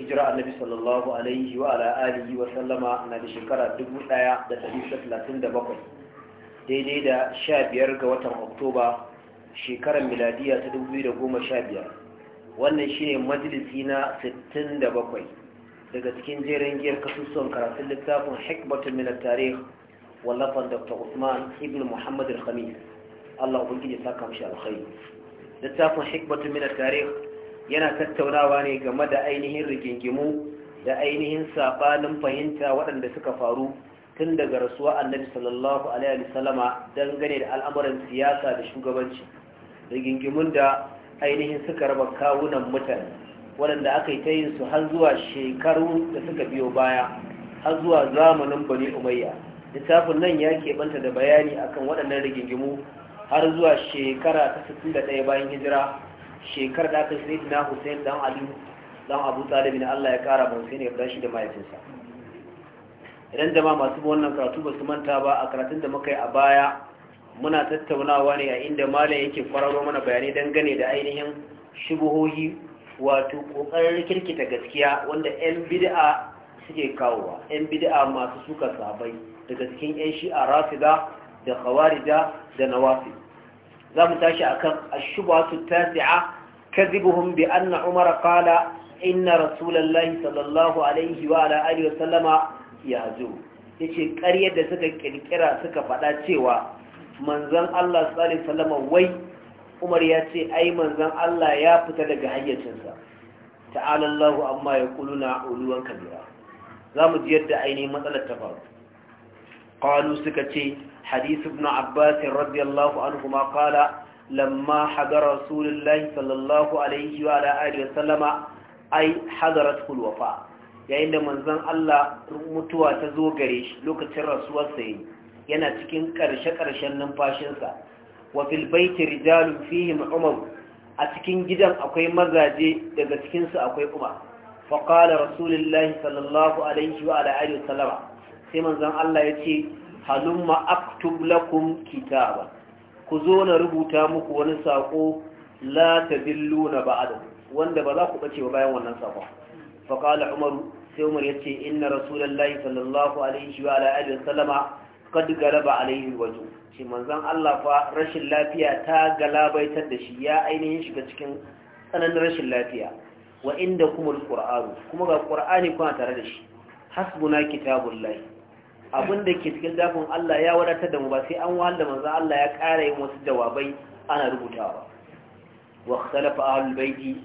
hijira annabi sallallahu alaihi wa ala alihi wa sallama na da shekara 1137 daidai da 15 ga watan oktoba shekarar miladiya ta 2015 wannan shine majalisi na 67 daga cikin jerin giyar kasusuwan karatun littafin hikmatun minar tarih wallafan dr usman ibn muhammad al-khamis allah ubangiji saka mashi alkhairi littafin hikmatun minar tarih yana tattaunawa ne game da ainihin rigingimu da ainihin sabanin fahimta waɗanda suka faru tun daga rasuwa annabi sallallahu alaihi wasallama dangane da al'amuran siyasa da shugabanci rigingimun da ainihin suka raba kawunan mutane waɗanda aka yi ta yin su har zuwa shekaru da suka biyo baya har zuwa zamanin bani umayya littafin nan ya keɓanta da bayani akan waɗannan rigingimu har zuwa shekara ta 61 bayan hijira shekar da aka sai na Hussein dan Ali dan Abu Talib ne Allah ya kara ba Hussein ya bashi da mahaifinsa idan jama'a masu wannan karatu ba su manta ba a karatun da muka yi a baya muna tattaunawa ne a inda malam yake kwararo mana bayanai dangane da ainihin shubuhohi wato kokarin kirkita gaskiya wanda yan bid'a suke kawowa yan bid'a masu suka sabai daga cikin yan shi'a rafida da khawarija da nawafi. za mu tashi akan ashubatu tasi'a kadhibuhum bi anna umar kala inna rasulallah, sallallahu alaihi wa ala wa sallama yazu yace ƙaryar da suka kirkira suka faɗa cewa manzan Allah sallallahu alaihi wai Umar ya ce ai manzon Allah ya fita daga hayyacinsa ta'ala amma amma kuluna uluwan kabira zamu ji yadda ainihin matsalar ta faru qalu suka ce حديث ابن عباس رضي الله عنهما قال لما حضر رسول الله صلى الله عليه وعلى آله وسلم أي حضرته الوفاة yayin da manzon Allah mutuwa ta zo gare shi lokacin rasuwarsa yi yana cikin ƙarshe-ƙarshen numfashinsa wa fil baiti rijalun fihim umar a cikin gidan akwai mazaje daga cikinsu akwai umar fa qala rasulullahi sallallahu alaihi wa alihi wasallama sai manzon Allah ya ce halumma aktub lakum kitaba ku zo na rubuta muku wani saƙo, la tadilluna ba'da wanda ba za ku bace ba bayan wannan sako fa qala umar sai umar yace inna rasulullahi sallallahu alaihi wa alihi wasallama kad galaba alaihi wajhu shi manzon Allah fa rashin lafiya ta galabaitar da shi ya ainihin shiga cikin tsananin rashin lafiya wa inda kuma alqur'anu kuma ga qur'ani kuna tare da shi hasbuna kitabullahi abin da ke cikin dafin Allah ya wadatar da mu ba sai an wahala manzan Allah ya ƙara yin wasu jawabai ana rubutawa wa salafa ahlul baiti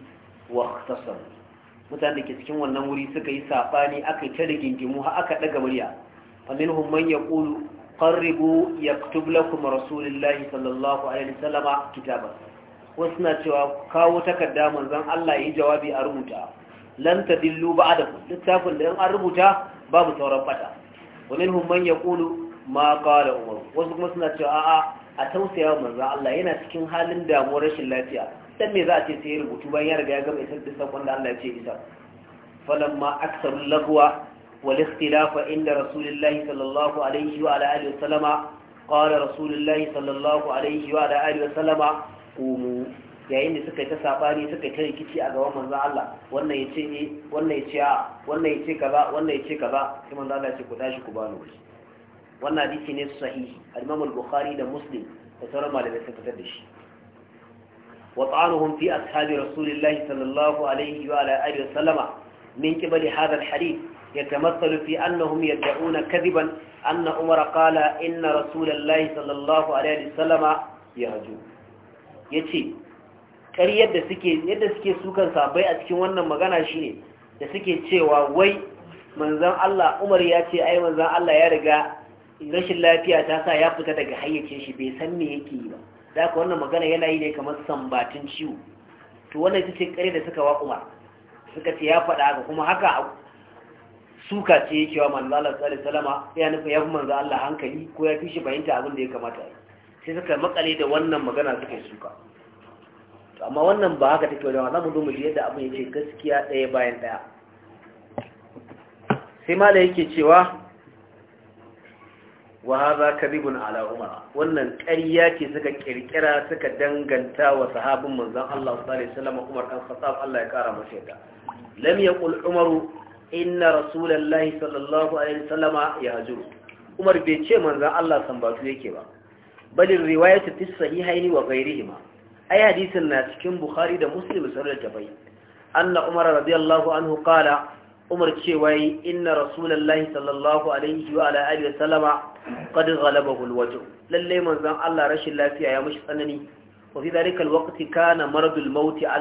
wa ikhtasam mutanen da ke cikin wannan wuri suka yi sabani aka ta rigingimu har aka daga murya faminhum man yaqulu qarribu yaktub lakum rasulullahi sallallahu alaihi wasallama kitaba wasu na cewa kawo takarda manzan Allah yi jawabi a rubuta lan tadillu ba'dakum littafin da an rubuta babu sauran fata wa minhum man yaqulu ma qala umar wasu kuma suna cewa a'a a tausaya manzo Allah yana cikin halin damuwar rashin lafiya dan me za a ce sai ya rubutu bayan ya riga ya gama isar da sakon da Allah ya ce isa falamma aktsaru lahwa wal ikhtilafa inda rasulillahi sallallahu alaihi wa ala alihi wa sallama qala rasulillahi sallallahu alaihi wa ala alihi wa sallama qumu yayin da suka yi ta sabari suka yi ta rikici a gaban manzon Allah wannan yace eh wannan yace a wannan yace kaza wannan yace kaza sai manzon Allah ya ce ku tashi ku bani wuri wannan hadisi ne sahihi al-Imam al-Bukhari da Muslim da sauran malamai sun fitar da shi wa ta'anuhum fi ashabi rasulillahi sallallahu alaihi wa ala alihi wa sallama min qibali hadha al-hadith يتمثل في أنهم يدعون كذبا أن عمر قال إن رسول الله صلى الله عليه وسلم يهجو يتي ƙaryar da suke yadda suke sukan sabai a cikin wannan magana shine da suke cewa wai manzon Allah Umar ya ce ai manzon Allah ya riga rashin lafiya ta sa ya fita daga hayyace shi bai san me yake yi ba da haka wannan magana yana yi ne kamar sambatin ciwo to wannan ita ce kare da suka wa Umar suka ce ya faɗa haka kuma haka suka ce yake wa Manzon Allah sallallahu alaihi wasallam ya nufa ya fi Manzon Allah hankali ko ya fi shi fahimta abin da ya kamata sai suka makale da wannan magana suka yi suka to amma wannan ba haka take wajen za mu zo mu ji yadda abin yake gaskiya ɗaya bayan ɗaya sai mala yake cewa wa hadha kadhibun ala umar wannan ƙarya ce suka kirkira suka danganta wa sahabin manzon Allah sallallahu alaihi wasallam Umar dan Khattab Allah ya kara masa yadda lam yaqul Umar inna rasulullahi sallallahu alaihi wasallam yahjur Umar bai ce manzon Allah sambatu yake ba bal riwayatu fi sahihaini wa ghairihima ai hadisin na cikin bukhari da muslim sun rajabai anna umar radiyallahu anhu umar cewa inna rasulullahi sallallahu alaihi wa ala alihi Allah rashin lafiya ya mishi tsanani wa fi kana maradul maut a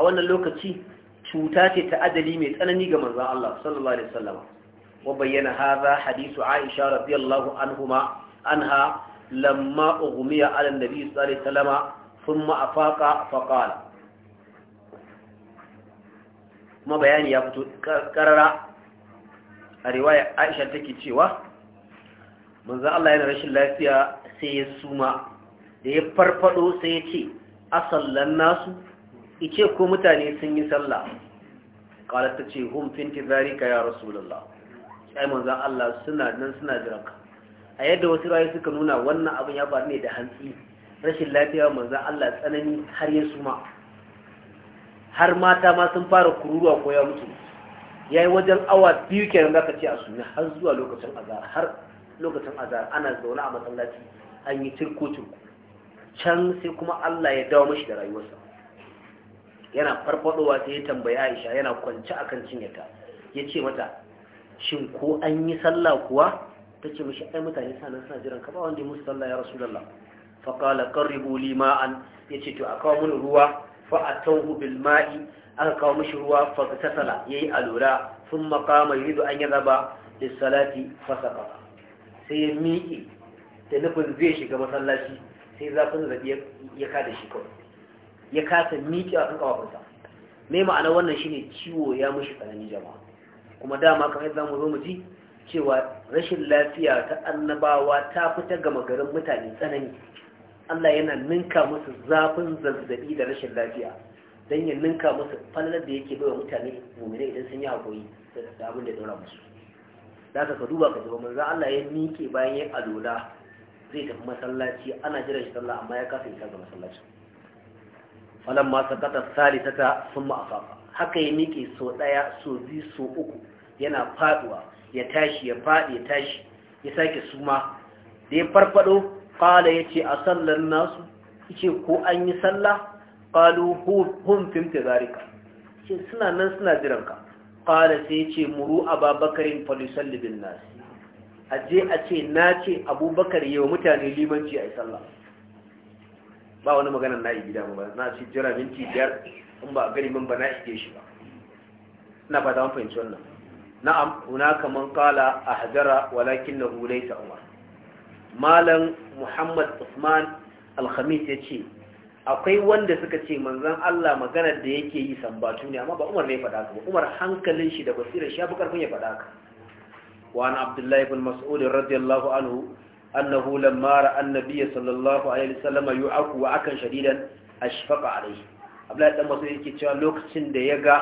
wannan lokaci cuta ce ta adali mai tsanani ga Allah sallallahu bayyana hadha hadithu Aisha radiyallahu anhuma lamma ughmiya ala nabi sallallahu alaihi wasallama thumma afaqa faqala kuma bayani ya fito karara arewa riwaya Aisha take cewa manzo Allah yana rashin lafiya sai ya suma da ya farfado sai ya ce asallan nasu ice ko mutane sun yi sallah qalat ta ce hum fi intizarika ya rasulullah sai Allah nan a yadda wasu rayu suka nuna wannan abin ya faru ne da hantsi rashin lafiya manzan Allah tsanani har ya suma har mata ma sun fara kururuwa ko ya mutu ya yi wajen awa biyu kenan za ka ce a suna har zuwa lokacin azara, har lokacin azara, ana zaune a masallaci an yi cirko-cirko can sai kuma Allah ya dawo mashi da rayuwarsa yana farfadowa sai ya tambayi Aisha yana kwance akan cinyata ya ce mata shin ko an yi sallah kuwa tace mishi ai mutane sana suna jiran ka ba wanda ya musu sallah ya rasulullah fa qala qarribu li ma'an yace to a kawo mun ruwa fa atawhu bil ma'i aka kawo mishi ruwa fa tasala yayi alura thumma qama yuridu an yadhaba lis salati fa saqa sai ya miƙe da nufin zai shiga masallaci sai zafin zabi ya kada shi kawai ya kasa miƙe a kan kawafinsa me ma'ana wannan shine ciwo ya mushi tsanani jama'a kuma dama kamar za mu zo mu ji cewa rashin lafiya ta annabawa ta fita gama garin mutane tsanani Allah yana ninka musu zafin zazzabi da rashin lafiya don ya ninka musu fallar da yake baiwa mutane mummina idan sun yi haƙoyi da abin da ɗora musu za ka duba ka zama manzan Allah ya nike bayan ya alola zai tafi masallaci ana jiran shi sallah amma ya kasa isa ga masallacin falan ma ta ta sun ma'afafa haka ya nike sau ɗaya sau biyu sau uku yana faɗuwa ya tashi ya faɗi ya tashi ya sake suma da ya farfado ƙala ya ce a sallar nasu ce ko an yi sallah ƙalu hun fimta zarika ce suna nan suna jiranka ƙala sai ya ce muru a babakarin libin nasi a je a ce na ce abubakar yi wa mutane limanci a yi sallah ba wani maganar na yi gida ba na ce jira minti biyar in ba a gari min ba na ike shi ba na fata wani fahimci wannan na'am hunaka man qala ahdara walakinahu laysa umar malam muhammad usman al-khamis yace akwai wanda suka ce manzon Allah maganar da yake yi sambatu ne amma ba umar ne faɗa ka ba umar hankalin shi da basirar shi ba karfin ya faɗa ka wa an abdullahi ibn mas'ud radiyallahu anhu annahu lamma ra'a an-nabiy sallallahu alaihi wasallam yu'aku wa akan shadidan ashfaqa alaihi abdullahi dan mas'ud yake cewa lokacin da ya ga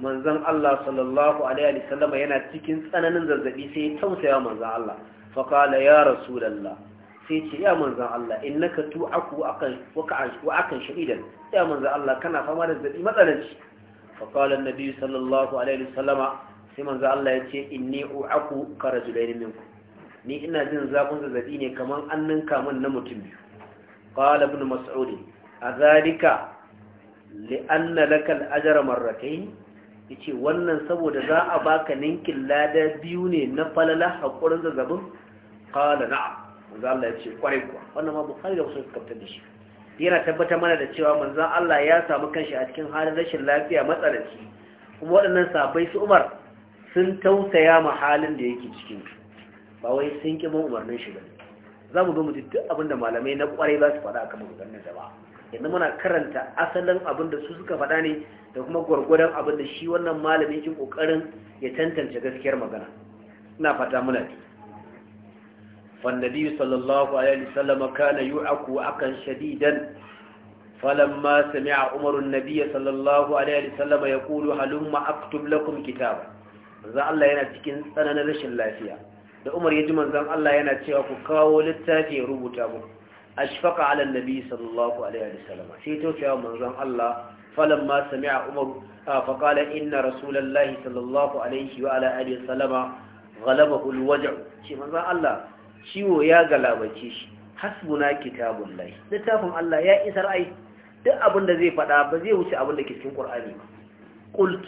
Manzan Allah sallallahu alaihi wasallam yana cikin tsananin zazzabi sai ya tausaya manzon Allah fa ya rasulullah sai ce ya manzon Allah in na akan waka wa akan shadidan ya manzon Allah kana fama da zazzabi matsalanci fa qala annabi sallallahu alaihi wasallam sai manzon Allah ya ce in inni u'aku ka rajulain minku. ni ina jin zafin zazzabi ne kamar an ninka min na mutum biyu qala ibn mas'ud a zalika li'anna laka al-ajra marratayn ya ce wannan saboda za a baka ninkin lada biyu ne na falala haƙurin zazzabin kala na manzo Allah ya ce kwarai kuwa wannan ma bukhari da wasu suka da shi yana tabbatar mana da cewa manzo Allah ya samu kanshi a cikin halin rashin lafiya matsalaci kuma waɗannan sabai su umar sun tausaya ma halin da yake cikin ba wai sun ƙi umarnin shi ba za mu zo mu duk abin da malamai na kwarai za su faɗa a kan maganganun da ba yanzu muna karanta asalin abin da su suka faɗa ne da kuma gwargwadon abin da shi wannan malamin yake kokarin ya tantance gaskiyar magana ina fata muna ji فالنبي صلى الله عليه وسلم كان يعق عقا شديدا فلما سمع عمر النبي صلى الله عليه وسلم يقول هلما اكتب لكم Allah yana cikin tsananin rashin lafiya da Umar ya ji manzon Allah yana cewa ku kawo littafi ya rubuta muku ashfaqa ala annabi sallallahu alaihi wasallam sai to cewa manzon Allah falamma sami'a umar ah, fa qala inna rasulallahi sallallahu alaihi wa ala alihi wasallama ghalabahu alwaj'u shi manzon Allah ciwo ya galabace shi hasbuna kitabullahi littafin Allah ya isar ai duk abin da zai faɗa ba zai wuce abin da ke cikin Qur'ani ba qult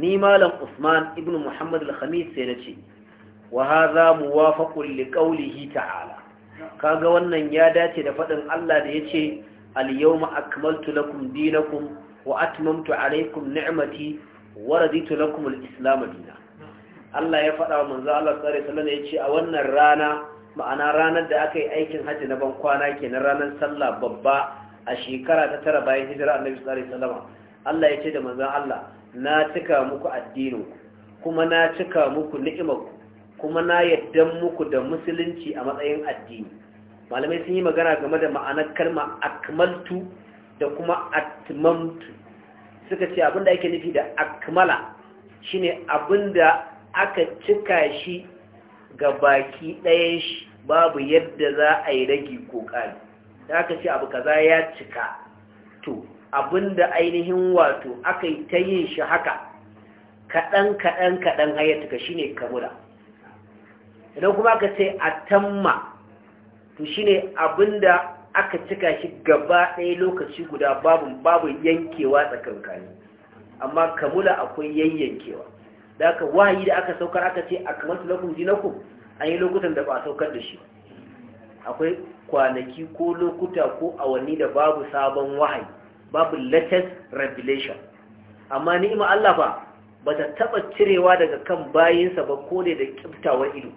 ni malam Usman ibn Muhammad al-Khamis sai nace wa hadha muwafaqun liqawlihi ta'ala kaga wannan ya dace da faɗin Allah da yace al-yawma akmaltu lakum dinakum wa atmamtu alaykum ni'mati wa raditu lakum al islamu dinan Allah ya faɗa wa manzo Allah sallallahu alaihi wasallam yace a wannan rana ma'ana ranar da aka yi aikin haji na ban kwana kenan ranar sallah babba a shekara ta tara bayan hijira annabi sallallahu alaihi wasallam Allah ya ce da manzo Allah na cika muku addinin kuma na cika muku ni'imanku. kuma na yadda muku da musulunci a matsayin addini malamai sun yi magana game da ma'anar kalma akmaltu da kuma atmamtu suka ce abinda ake nufi da akmala shine abinda aka cika shi ga baki ɗayan shi babu yadda za a yi ragi ko ƙari da aka ce abu kaza ya cika to abinda ainihin wato aka yi ta yin shi haka kaɗan kaɗan kaɗan cika shine kamula idan kuma aka ce a tamma to shine abinda aka cika shi gaba ɗaya lokaci guda babu yankewa tsakankani amma kamula akwai yayyankewa da aka wahayi da aka saukar aka ce a kamar tulakun jinakun an yi lokutan da ba a saukar da shi akwai kwanaki ko lokuta ko awanni da babu sabon wahayi babu latest revelation amma ni'ima Allah ba ta taɓa cirewa daga kan bayinsa ba ko da da ƙiftawar ido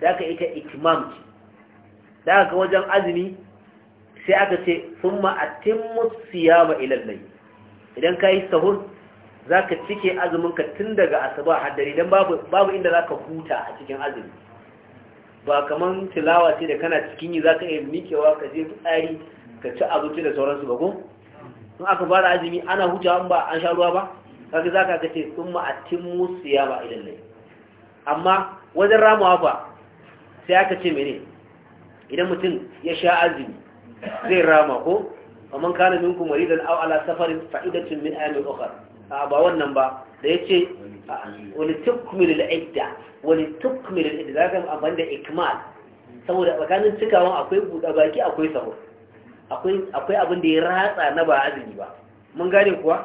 sai aka ita itimam ce da aka wajen azumi sai aka ce sun ma'atin musiyama ilallai idan ka yi sahur za ka cike azuminka tun daga asuba haddari don babu inda za ka huta a cikin azumi ba kamar tilawa ce da kana cikin yi za ka iya ka je tsari ka ci abinci da sauransu ba ko in aka fara azumi ana hutawa ba an sha ruwa ba kaga za ka ce sun ma'atin musiyama ilallai amma wajen ramawa ba sai aka ce mene idan mutum ya sha azumi zai rama ko amma kana minkum maridan aw ala safarin fa'idatun min ayyamin ukhar a ba wannan ba da yace wani tukmil al-idda wani tukmil al-idda zaka amfani da ikmal saboda bakanin cikawan akwai buɗa baki akwai sahur akwai akwai abin da ya ratsa na ba azumi ba mun gane kuwa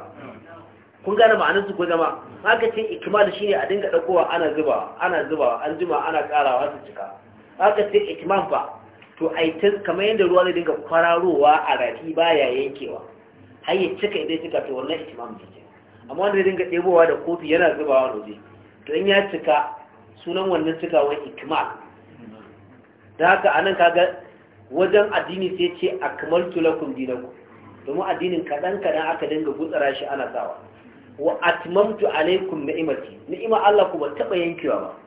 kun gane ma'anar su ko zama haka ce ikmal shine a dinga dakowa ana zuba ana zuba an jima ana karawa su cika haka sai itman fa to ai ta kamar yadda ruwa zai dinga kwararowa a rafi baya yankewa har ya cika idan cika to wannan itman ne amma wanda zai dinga ɗebowa da kofi yana zubawa waje to in ya cika sunan wannan wa ikmal da haka anan kaga wajen addini sai ce akmaltu lakum dinakum domin addinin kadan-kadan aka dinga gutsara shi ana sawa wa atmamtu alaikum ni'mati ni'ma Allah kuma taba yankewa ba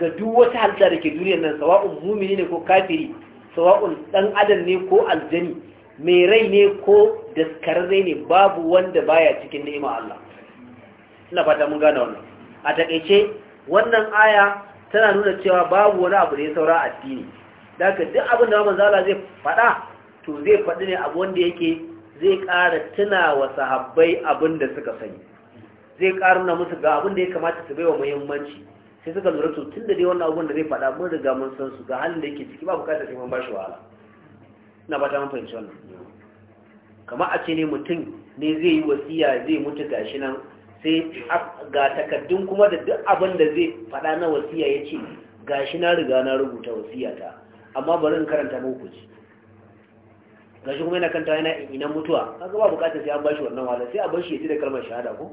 ga duk wata halitta da ke duniyar nan sawa'un mumini ne ko kafiri sawa'un dan adam ne ko aljani mai rai ne ko daskararre ne babu wanda baya cikin ni'ima Allah ina fata mun gane wannan a takeice wannan aya tana nuna cewa babu wani abu da ya saura addini daga duk abin da manzo Allah zai faɗa to zai faɗi ne abu wanda yake zai ƙara tuna wa sahabbai abin da suka sani zai ƙara nuna musu ga abin da ya kamata su bai wa muhimmanci sai suka lura to tun da dai wannan abun da zai faɗa mun riga mun san su ga halin da yake ciki ba bukatar sai mun ba shi wahala ina ba ta mun fahimci wannan kamar a ce ne mutum ne zai yi wasiya zai mutu gashi nan sai ga takaddun kuma da duk abin da zai faɗa na wasiya ya ce gashi na riga na rubuta wasiyata amma bari in karanta muku ji gashi kuma yana kanta yana ina mutuwa kaga ba bukatar sai an bashi wannan wahala sai a bar shi ya ci da kalmar shahada ko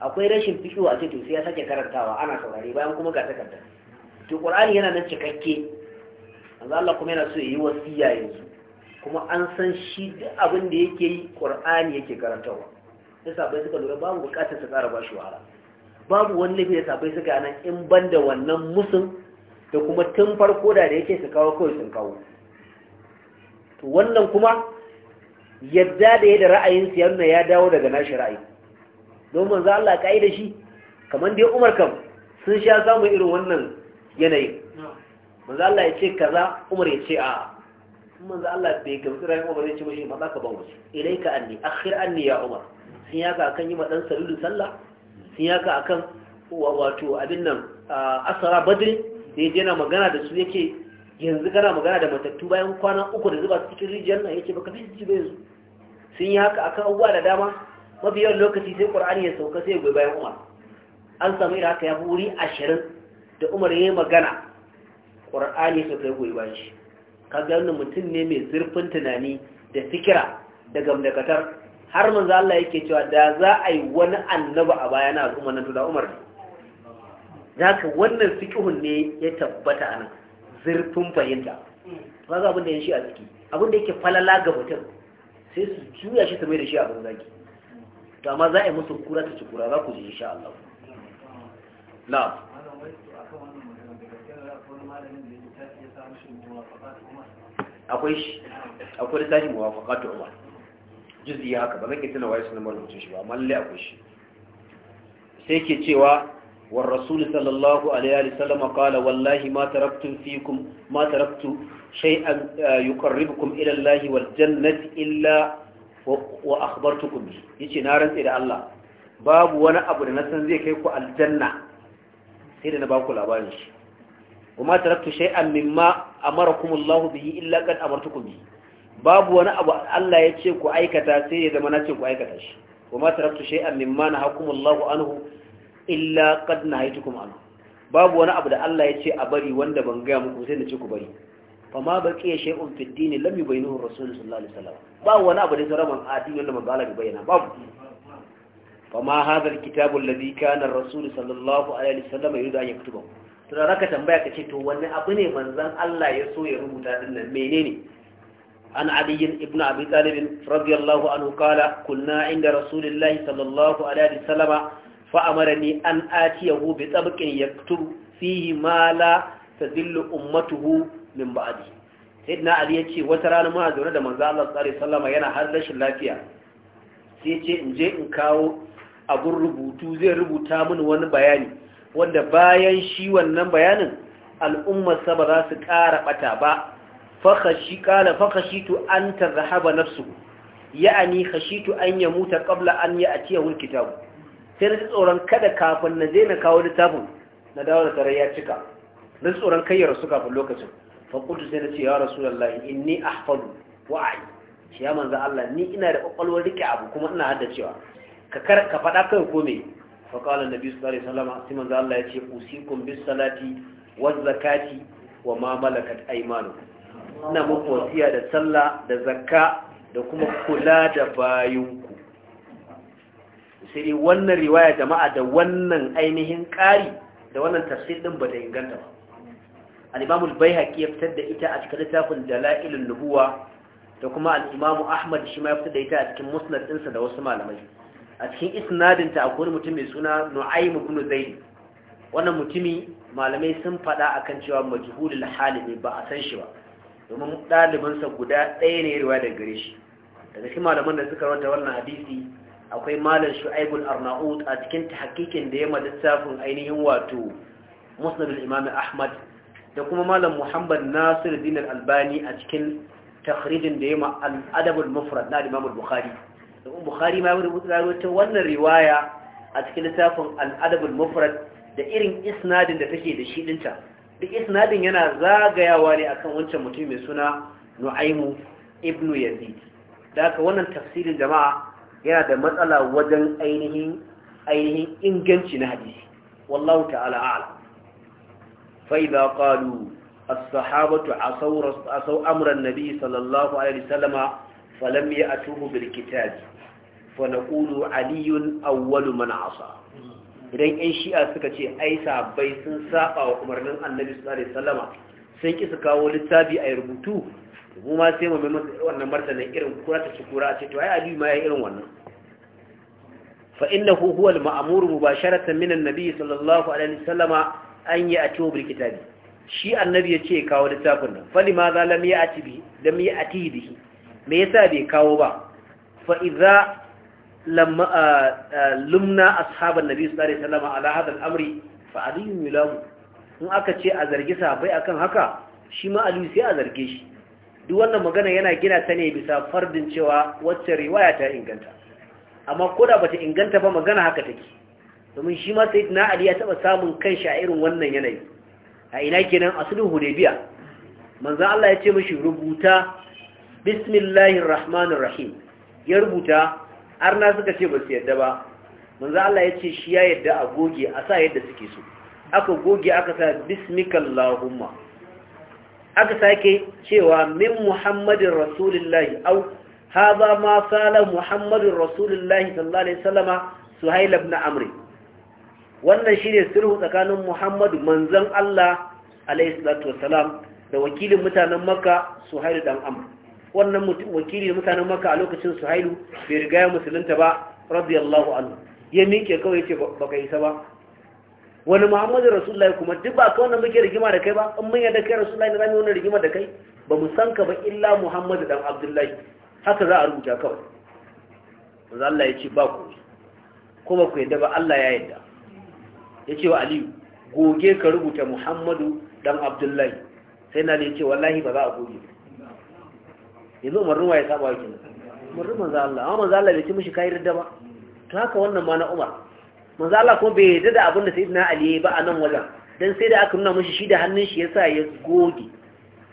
akwai rashin fiƙo a ce to sai ya sake karantawa ana saurare bayan kuma ga takarda to qur'ani yana nan cikakke manzo Allah kuma yana so ya yi wasiya yanzu kuma an san shi duk abin da yake yi qur'ani yake karantawa sai sabai suka lura babu bukatar su tsara bashi wahala babu wani laifi da sabai suka nan in banda wannan musun da kuma tun farko da yake su kawo kawai sun kawo to wannan kuma yadda da ya da ra'ayinsu ya ya dawo daga nashi ra'ayi don manzo Allah kai da shi kamar dai Umar kam sun sha samu irin wannan yanayin manzo Allah ya ce kaza Umar ya ce a manzo Allah bai gamsu rayuwar Umar ya ce mishi maza ka ba mu ilaika anni akhir anni ya Umar sun yaka akan yi ma dan saludu sallah sun yaka akan wato abin nan asara badri da ya yana magana da su yake yanzu kana magana da matattu bayan kwana uku da zuba cikin rijiyar nan yake baka fi ci ba yanzu sun yi haka akan abubuwa da dama mafi yawan lokaci sai ƙur'ani ya sauka sai goyi bayan umar an sami ira haka ya fi wuri ashirin da umar ya yi magana ƙur'ani ya sauka ya bayan shi ka ga wani mutum ne mai zurfin tunani da fikira da gamdakatar har manzo Allah yake cewa da za a yi wani annaba a baya na al'umma nan da umar zaka wannan fikihun ne ya tabbata a nan, zurfin fahimta kaga abin da yin shi a ciki abin da yake falala ga mutum sai su juya shi su mai da shi a zaki to amma za a yi musu kura ta ci za ku ji insha Allah na'am akwai shi akwai mu littafin muwafaqatu umar juz'i haka ba zan kitana wai sunan malamin shi ba amma lalle akwai shi sai ke cewa wa rasul sallallahu alaihi wa sallam qala wallahi ma taraktu fiikum ma taraktu shay'an eh, yuqarribukum ila allahi wal jannati illa wa akhbartukum bi yace na rantsa da Allah babu wani abu da na san zai kai ku aljanna sai da na baku labarin shi kuma taraktu shay'an mimma amarakum Allah bihi illa kad amartukum bi babu wani abu Allah ya ce ku aikata sai ya zama na ce ku aikata shi kuma taraktu shay'an mimma nahakum Allah anhu illa kad nahaytukum anhu babu wani abu da Allah ya ce a bari wanda ban ga muku sai na ce ku bari fa ma baqiya shay'un fi ad-din lam yubayyinuhu ar sallallahu alaihi wasallam ba wani abu da ya zama addini wanda manzo Allah bai bayyana babu fa ma hadha al-kitab alladhi kana ar-rasul sallallahu alaihi wasallam yuridu an yaktuba to da raka tambaya kace to wani abu ne manzon Allah ya so ya rubuta din nan menene an ali ibn abi talib radiyallahu anhu kala kunna inda rasulillahi sallallahu alaihi wasallam فأمرني أن آتيه بطبق يكتب فيه ما لا تذل أمته min ba'di sayyidina ali yace wata rana muna zaune da manzo Allah sallallahu alaihi wasallam yana har rashin lafiya sai yace in je in kawo abun rubutu zai rubuta mini wani bayani wanda bayan shi wannan bayanin al'ummar ba za su ƙara bata ba fakhashi qala fakhashitu an tazhaba nafsu ya'ani khashitu an yamuta qabla an ya'tiyahu al sai da tsoron kada kafin na je na kawo littafin na dawo da tarayya cika da tsoron kai ya kafin lokacin faƙultu sai na ce ya rasulallah a ahfadu wa'ai shi ya manza Allah ni ina da ƙwaƙwalwar rike abu kuma ina hada cewa ka faɗa kai ko me faƙala na biyu sallallahu salama sai manza Allah ya ce usikum bis salati wa zakati wa ma malakat aymanu ina muku wasiya da sallah da zakka da kuma kula da bayanku. sai wannan riwaya jama'a da wannan ainihin ƙari da wannan tafsir ɗin ba da inganta ba Alimamul imam al ya fitar da ita a cikin littafin dalailun nubuwa da kuma al ahmad shi ma ya fitar da ita a cikin musnad ɗinsa da wasu malamai a cikin isnadin ta akwai mutum mai suna nu'aym ibn zaid wannan mutumi malamai sun faɗa akan cewa majhulul hali ne ba a san shi ba domin ɗalibansa guda ɗaya ne ruwa da gare shi daga cikin malaman da suka rawata wannan hadisi akwai malam shu'aibul arnaud a cikin tahqiqin da ya ma littafin ainihin wato musnadul imam ahmad da kuma malam muhammad nasir din albani a cikin takhrijin da ya ma al'adabul mufrad na imam bukhari da bukhari ma ya rubuta wannan riwaya a cikin littafin al'adabul mufrad da irin isnadin da take da shi dinta duk isnadin yana zagayawa ne akan wancan mutum mai suna nu'aimu ibnu yazid da haka wannan tafsirin jama'a yana da matsala wajen ainihin ainihin inganci na hadisi wallahu ta'ala a'lam فإذا قالوا الصحابة عصوا أمر النبي صلى الله عليه وسلم فلم يأتوه بالكتاب فنقول علي أول من عصى idan ‘yan shi'a suka ce ai sahabbai sun saba wa umarnin annabi sallallahu alaihi wasallama sun ki su kawo littafi a rubutu mu ma sai mu masa wannan martanin irin kura ta kura a ce to ai aliyu ma ya irin wannan fa innahu huwa al-ma'mur mubasharatan min an-nabi sallallahu alaihi wasallama an yi a ciwo birkitabi shi annabi ya ce kawo littafin nan fali ma za lam ya a ti bihi me yasa bai kawo ba Fa'iza lumna ashaban nabi su tsari salama ala hadar amri fa aliyun milamu in aka ce a zargi sabai akan haka shi ma aliyu sai a zarge shi duk wannan magana yana gina ta ne bisa fardin cewa wacce riwaya ta inganta amma koda bata inganta ba magana haka take domin shi ma sai na ali ya taɓa samun kan a irin wannan yanayi a ina kenan a sulhu hudaybiya manzo Allah ya ce mishi rubuta bismillahir rahmanir rahim ya rubuta arna suka ce ba su yadda ba manzo Allah ya ce shi ya yadda a goge a sa yadda suke so aka goge aka sa bismikallahumma aka sake cewa min muhammadin rasulillahi au haza ma sala muhammadin rasulillahi sallallahu alaihi wasallama suhail ibn amri. wannan shi ne sulhu tsakanin Muhammadu Manzan Allah alaihi da wakilin mutanen Makka Suhailu dan Amr wannan wakilin mutanen Makka a lokacin Suhailu bai riga ya musulunta ba radiyallahu anhu ya miƙe kawai yace baka isa ba wani Muhammadu Rasulullahi kuma duk ba ka wannan muke rigima da kai ba in mun yadda kai Rasulullahi na zamu wannan rigima da kai ba mu san ka ba illa Muhammadu dan Abdullahi haka za a rubuta kawai manzo Allah ya ci ba ku Kuma ku yadda ba Allah ya yadda ya ce wa aliyu goge ka rubuta muhammadu dan abdullahi sai na ya ce wallahi ba za a goge yanzu umarnin ya saba yake umarnin manzo Allah amma manzo Allah bai ci mishi kai ridda ba to haka wannan ma na umar manzo Allah kuma bai yarda da abin da na ali ba a nan wajen dan sai da aka nuna mishi shi da hannun shi yasa ya goge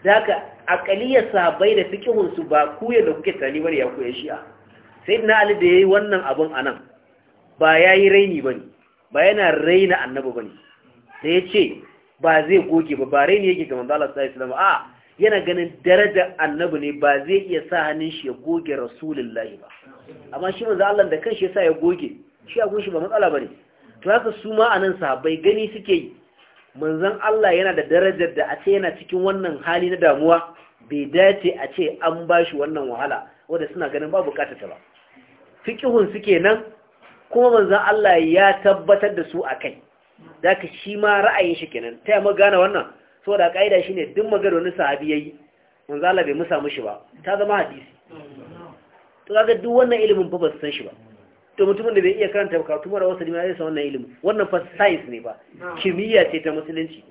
haka akaliyar sahabbai da fikihun su ba kuya da kuke tani bane ya koyi shi'a na ali da yayi wannan abun anan ba yayi raini bane ba yana raina annabi ne. da ya ce ba zai goge ba ba raini yake ga manzo sa islam a yana ganin daraja annabi ne ba zai iya sa hannun shi ya goge rasulullahi ba amma shi manzo Allah da kanshi yasa ya goge shi a gunshi ba matsala bane to haka su ma anan sahabbai gani suke yi manzon Allah yana da darajar da a ce yana cikin wannan hali na damuwa bai dace a ce an bashi wannan wahala wanda suna ganin ba bukatar ta ba fiqhun suke nan kuma manzan Allah ya tabbatar da su a kai za ka shi ma ra'ayin shi kenan ta yamma gane wannan saboda ƙa'ida shi ne duk magana wani sahabi ya yi manzan Allah bai musa mushi ba ta zama hadisi to kaga duk wannan ilimin ba ba su san shi ba to mutumin da bai iya karanta ba kuma da wasu limai zai san wannan ilimin wannan fa science ne ba kimiyya ce ta musulunci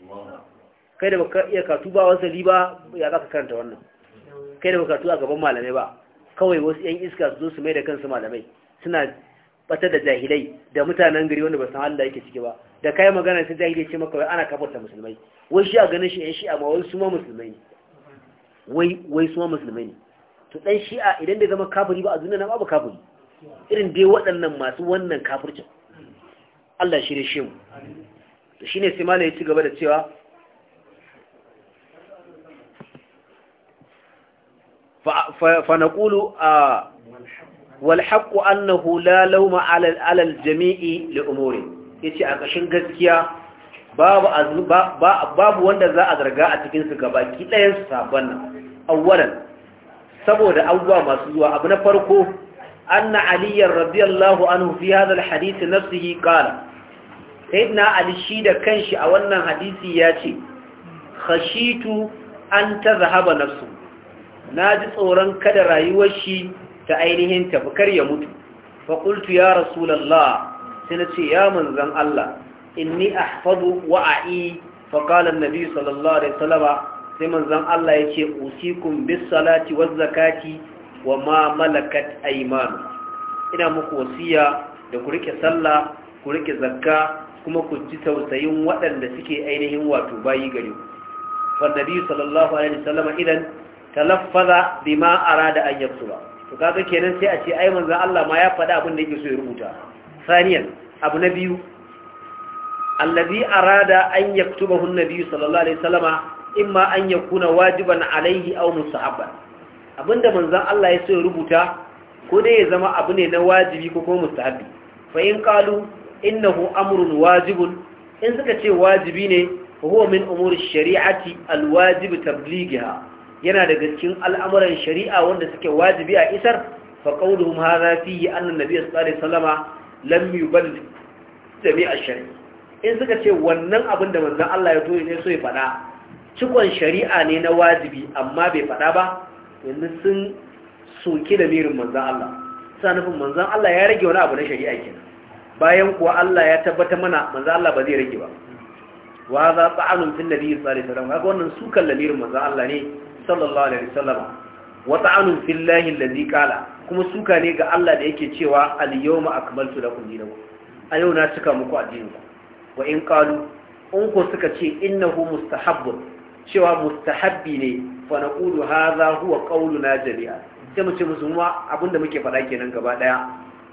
kai da baka iya karatu ba wasu liba ya za ka karanta wannan kai da baka karatu a gaban malamai ba kawai wasu yan iska su zo su mai da kansu malamai suna bata da jahilai da mutanen gari wanda ba san Allah yake ciki ba da kai magana sai jahili ce maka wai ana kafarta musulmai wai shi a ganin shi shi shi'a ma wai su ma musulmai ne wai wai su ma musulmai ne to shi shi'a idan bai zama kafiri ba a duniya na babu kafiri irin dai waɗannan masu wannan kafircin Allah shi ne shi mu to shine sai malai ya ci gaba da cewa fa fa naqulu a ah, wal haqqu annahu la lawma ala jami'i li umuri yace a kashin gaskiya babu wanda za a zarga a cikin su gabaki ɗayan sabon nan saboda abubuwa masu zuwa abu na farko anna aliyyar radiyallahu anhu fi hadha al hadith nafsihi qala sayyidina ali shi da kanshi a wannan hadisi ya ce khashitu an tazhaba nafsu na ji tsoron kada rayuwar shi ta ainihin tafi kar ya mutu fa qultu ya rasulullah sai na ce ya manzan Allah inni ahfadu wa'i fa qala nabi sallallahu alaihi wasallam sai manzan Allah yace usikum bis salati waz zakati wa ma malakat aymanu ina muku wasiya da ku rike sallah ku rike zakka kuma ku ci tausayin waɗanda suke ainihin wato bayi gare ku fa nabi sallallahu alaihi wasallam idan talaffaza bima arada an yabsura to kaga kenan sai a ce ai manzo Allah ma ya faɗa abin da yake so ya rubuta saniyan abu na biyu allazi arada an yaktubahu sallallahu alaihi wasallama imma an yakuna wajiban alaihi aw mustahabban abinda manzo Allah ya so ya rubuta ko dai ya zama abu ne na wajibi ko kuma mustahabi fa in qalu innahu amrun wajibun in suka ce wajibi ne huwa min umuri shari'ati alwajib tablighiha yana daga cikin al'amuran shari'a wanda suke wajibi a isar fa qawluhum hadha fihi anna annan, sallallahu alaihi wasallama lam yuballigh jami'a shari'a in suka ce wannan abin da manzon Allah ya toye ne so ya fada cikon shari'a ne na wajibi amma bai fada ba yanzu sun soki da mirin manzon Allah sa nufin manzon Allah ya rage wani abu na shari'a kenan bayan kuwa Allah ya tabbata mana manzo Allah ba zai rage ba wa za ta'anun fil nabi sallallahu alaihi wasallam kaga wannan su lamirin manzo Allah ne sallallahu alaihi wasallam wa ta'anun fillahi allazi qala kuma suka ne ga Allah da yake cewa al-yawma akmaltu lakum dinakum a yau na cika muku addinin ku wa in qalu in ku suka ce innahu mustahabbun cewa mustahabbi ne fa naqulu hadha huwa qawluna jami'a sai mu ce musu ma abinda muke faɗa kenan gaba daya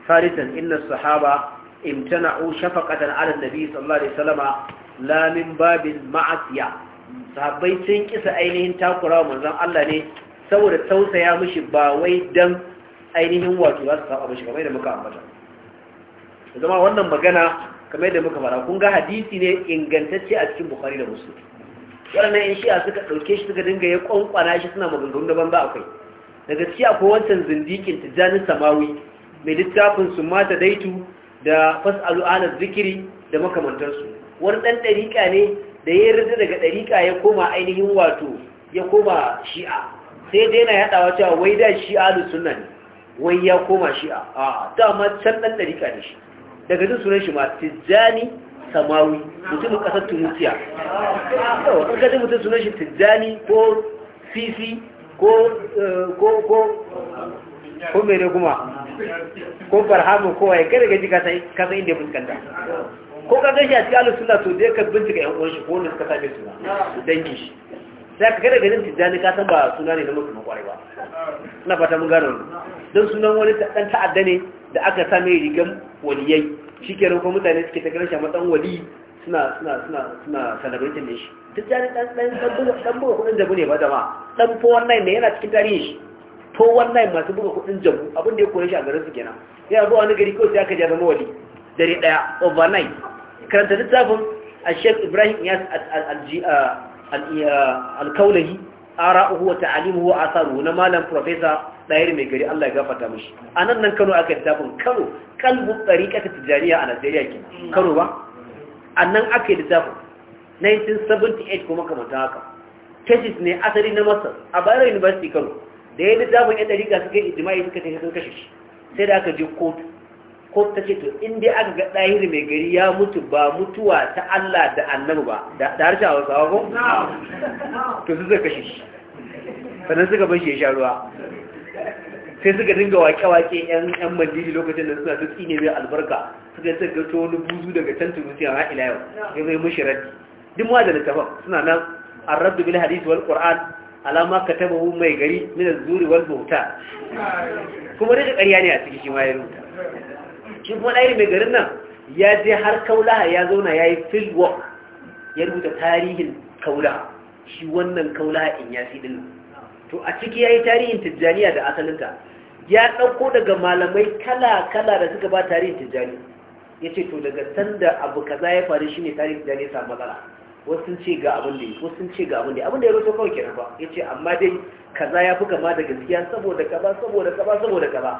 faritan inna sahaba imtana'u shafaqatan ala nabi sallallahu alaihi wasallama la min babil ma'asiya sahabbai sun kisa ainihin takurawa manzon Allah ne saboda tausaya mishi ba wai don ainihin wato za su saba mishi kamar da muka ambata zama wannan magana kamar da muka fara kun ga hadisi ne ingantacce a cikin bukhari da musu. waɗannan yan shi'a suka ɗauke shi suka dinga ya kwankwana shi suna maganganu daban ba akwai da gaske akwai wancan zindikin tijjanin samawi mai littafin su mata daitu da fas'alu ala zikiri da makamantarsu wani ɗan ɗariƙa ne da ya rida daga ɗariƙa ya koma ainihin wato ya koma shi'a sai dai na yaɗawa cewa wai da shi'a da sunna wai ya koma shi'a a dama can ɗan ɗariƙa ne shi daga jin sunan shi ma tijjani samawi mutumin ƙasar tunisiya yau ƙarƙashin mutum sunan shi tijjani ko sisi ko eh, ko ko ko mere kuma ko farhamu kowa ya kada gaji kasa inda ya fuskanta ko ka gashi a cikin ahlus sunna to dai ka bincika yan uwan shi ko wanda suka same suna dangi shi sai ka kada garin tijjani ka san ba suna ne na mutum kwarai ba ina fata mun gano don sunan wani ɗan ta'adda ne da aka sa mai rigan waliyai shikenan ko mutane suke ta karshe matsan wali suna suna suna suna celebrating ne shi tijjani ɗan buga kuɗin buga jabu ne ba da ma dan fo wannan ne yana cikin tarihi shi to wannan masu buga kuɗin jabu abin da ya kore shi a garin su kenan sai a zuwa wani gari kawai sai aka ja zama wali dare ɗaya overnight karanta littafin al-sheikh ibrahim yas al-kaulahi ara'uhu wa ta'alimuhu wa asaru na malam professor ɗayar mai gari Allah ya gafata mashi a nan nan kano aka littafin kano kalbu ɗari ta tijjaniya a najeriya ke kano ba a nan aka littafin 1978 kuma kamata haka cases ne asali na masar a Bayero university kano da ya littafin yan ɗariƙa suka yi ijima'i suka tafi sun kashe shi sai da aka je kotu ko ta ce to in dai aka ga ɗahir mai gari ya mutu ba mutuwa ta Allah da annabi ba da harshe a wasu ko? to su suka kashe shi sannan suka bashi ya sha ruwa sai suka dinga wake-wake yan yan lokacin da suna duk ne mai albarka suka ta gato wani buzu daga can tunisiya ha ila yau ya zai mushi raddi duk ma da littafin suna nan rabbi bil hadith wal qur'an alama katabahu mai gari min az-zuri wal bauta. kuma daga ƙarya ne a cikin shi ma ya rubuta shi kuma ɗaya mai garin nan ya je har kaula ya zauna ya yi field work ya rubuta tarihin kaula shi wannan kaula in ya fi ɗin to a ciki ya yi tarihin tijjaniya da asalinta ya ɗauko daga malamai kala-kala da suka ba tarihin tijjani ya ce to daga sanda abu kaza ya faru shi ne tarihin tijjani sa matsala wasu sun ce ga abin da ya wasu sun ce ga abin da ya abin da ya roto kawai kenan ba ya ce amma dai kaza ya fi kama da gaskiya saboda kaza saboda kaza saboda kaza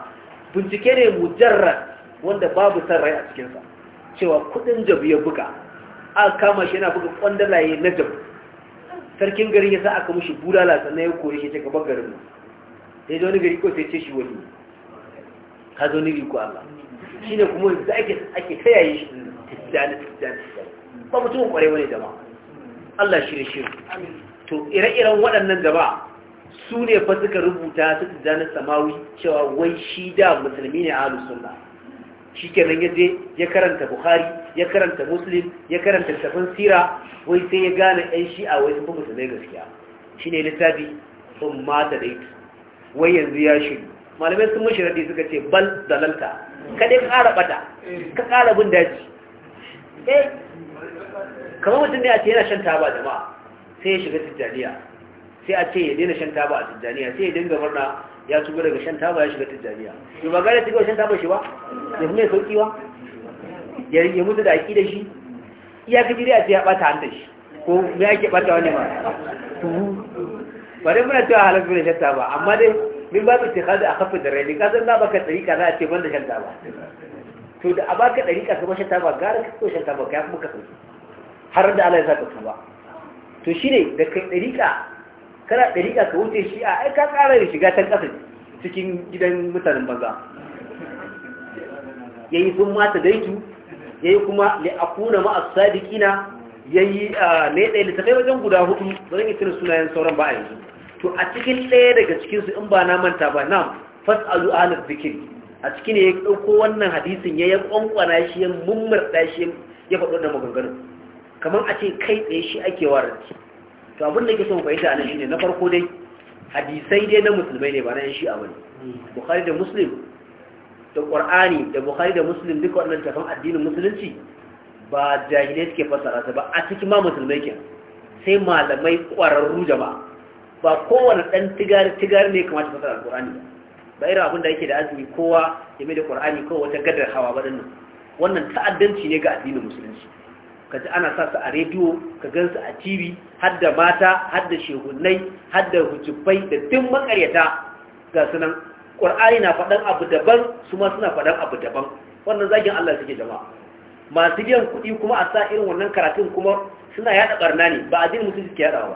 bincike ne mujarrad wanda babu san rai a cikinsa cewa kudin jabu ya buga a kama shi yana buga kwandalaye na jabu sarkin garin ya sa aka mushi bulala sannan ya kore shi ta gaban garin mu sai da wani gari ko sai ce shi wani ka zo ni riko Allah shi ne kuma da ake ake tayaye shi tijjani tijjani ba mutum kware ne jama'a Allah shi ne shi to ire-iren waɗannan jama'a su ne fa suka rubuta su tijjani samawi cewa wai shi da musulmi ne a sunna shikenan ya je ya karanta bukhari ya karanta muslim ya karanta tafin sira wai sai ya gane yan shi'a wai sun fi musulmai gaskiya ne littafi sun umm mata daitu wai yanzu ya shiru malamai sun mashi raɗi suka ce bal dalalta kaɗai ƙara ɓata ka ƙara bin daji eh kamar mutum ne a ce yana shan taba jama'a sai ya shiga tijjaniya sai a ce ya daina shan taba a tijjaniya sai ya dinga murna ya tuba daga shan taba ya shiga tijjaniya to ba gane tuba shan taba shi ba ya fi mai sauki ba ya mutu da aƙi da shi iya ka jiri a ce ya ɓata hanta shi ko me ake ɓata wani ma ba dai muna cewa halar zuwa shan taba amma dai min ba su ce kada a kafin da rai ne kasan na baka tsarika za a ce ban da shan taba to da a baka tsarika kuma shan taba gara ka so shan taba ka ya fi muka sauki har da ala ya sa ka tuba to shine da kai ka. kana ɗariƙa ka wuce shi a aika ƙara da shiga ta ƙasa cikin gidan mutanen banza ya yi sun mata daitu ya yi kuma li'akuna ma'as sadiƙina ya yi ne ɗaya littafai wajen guda hudu ba zan yi tunan sunayen sauran ba a yanzu to a cikin ɗaya daga cikinsu in ba na manta ba na fas'alu ahlaz zikir a cikin ya ɗauko wannan hadisin ya yi ƙwanƙwana shi ya ya faɗo da maganganu kamar a ce kai tsaye shi ake warance to abin da ke so fahimta nan shine na farko dai hadisai dai na musulmai ne ba na shi a wani. bukhari da muslim da qur'ani da bukhari da muslim duka wannan tafan addinin musulunci ba jahilai suke fassara ta ba a cikin ma musulmai ke sai malamai ƙwararru jama'a ba kowane ɗan tigari-tigari ne kamata fassara alƙur'ani ba irin abin da yake da azumi kowa ya da ƙur'ani ko wata gadar hawa ba wannan ta'addanci ne ga addinin musulunci ka ji ana sa su a rediyo ka gan su a tv har da mata har da shehunai har da hujjubai da duk makaryata ga sunan ƙwar'ari na faɗan abu daban su ma suna faɗan abu daban wannan zagin allah suke jama'a masu biyan kuɗi kuma a sa irin wannan karatun kuma suna yaɗa ɓarna ne ba addinin mutum suke yaɗa ba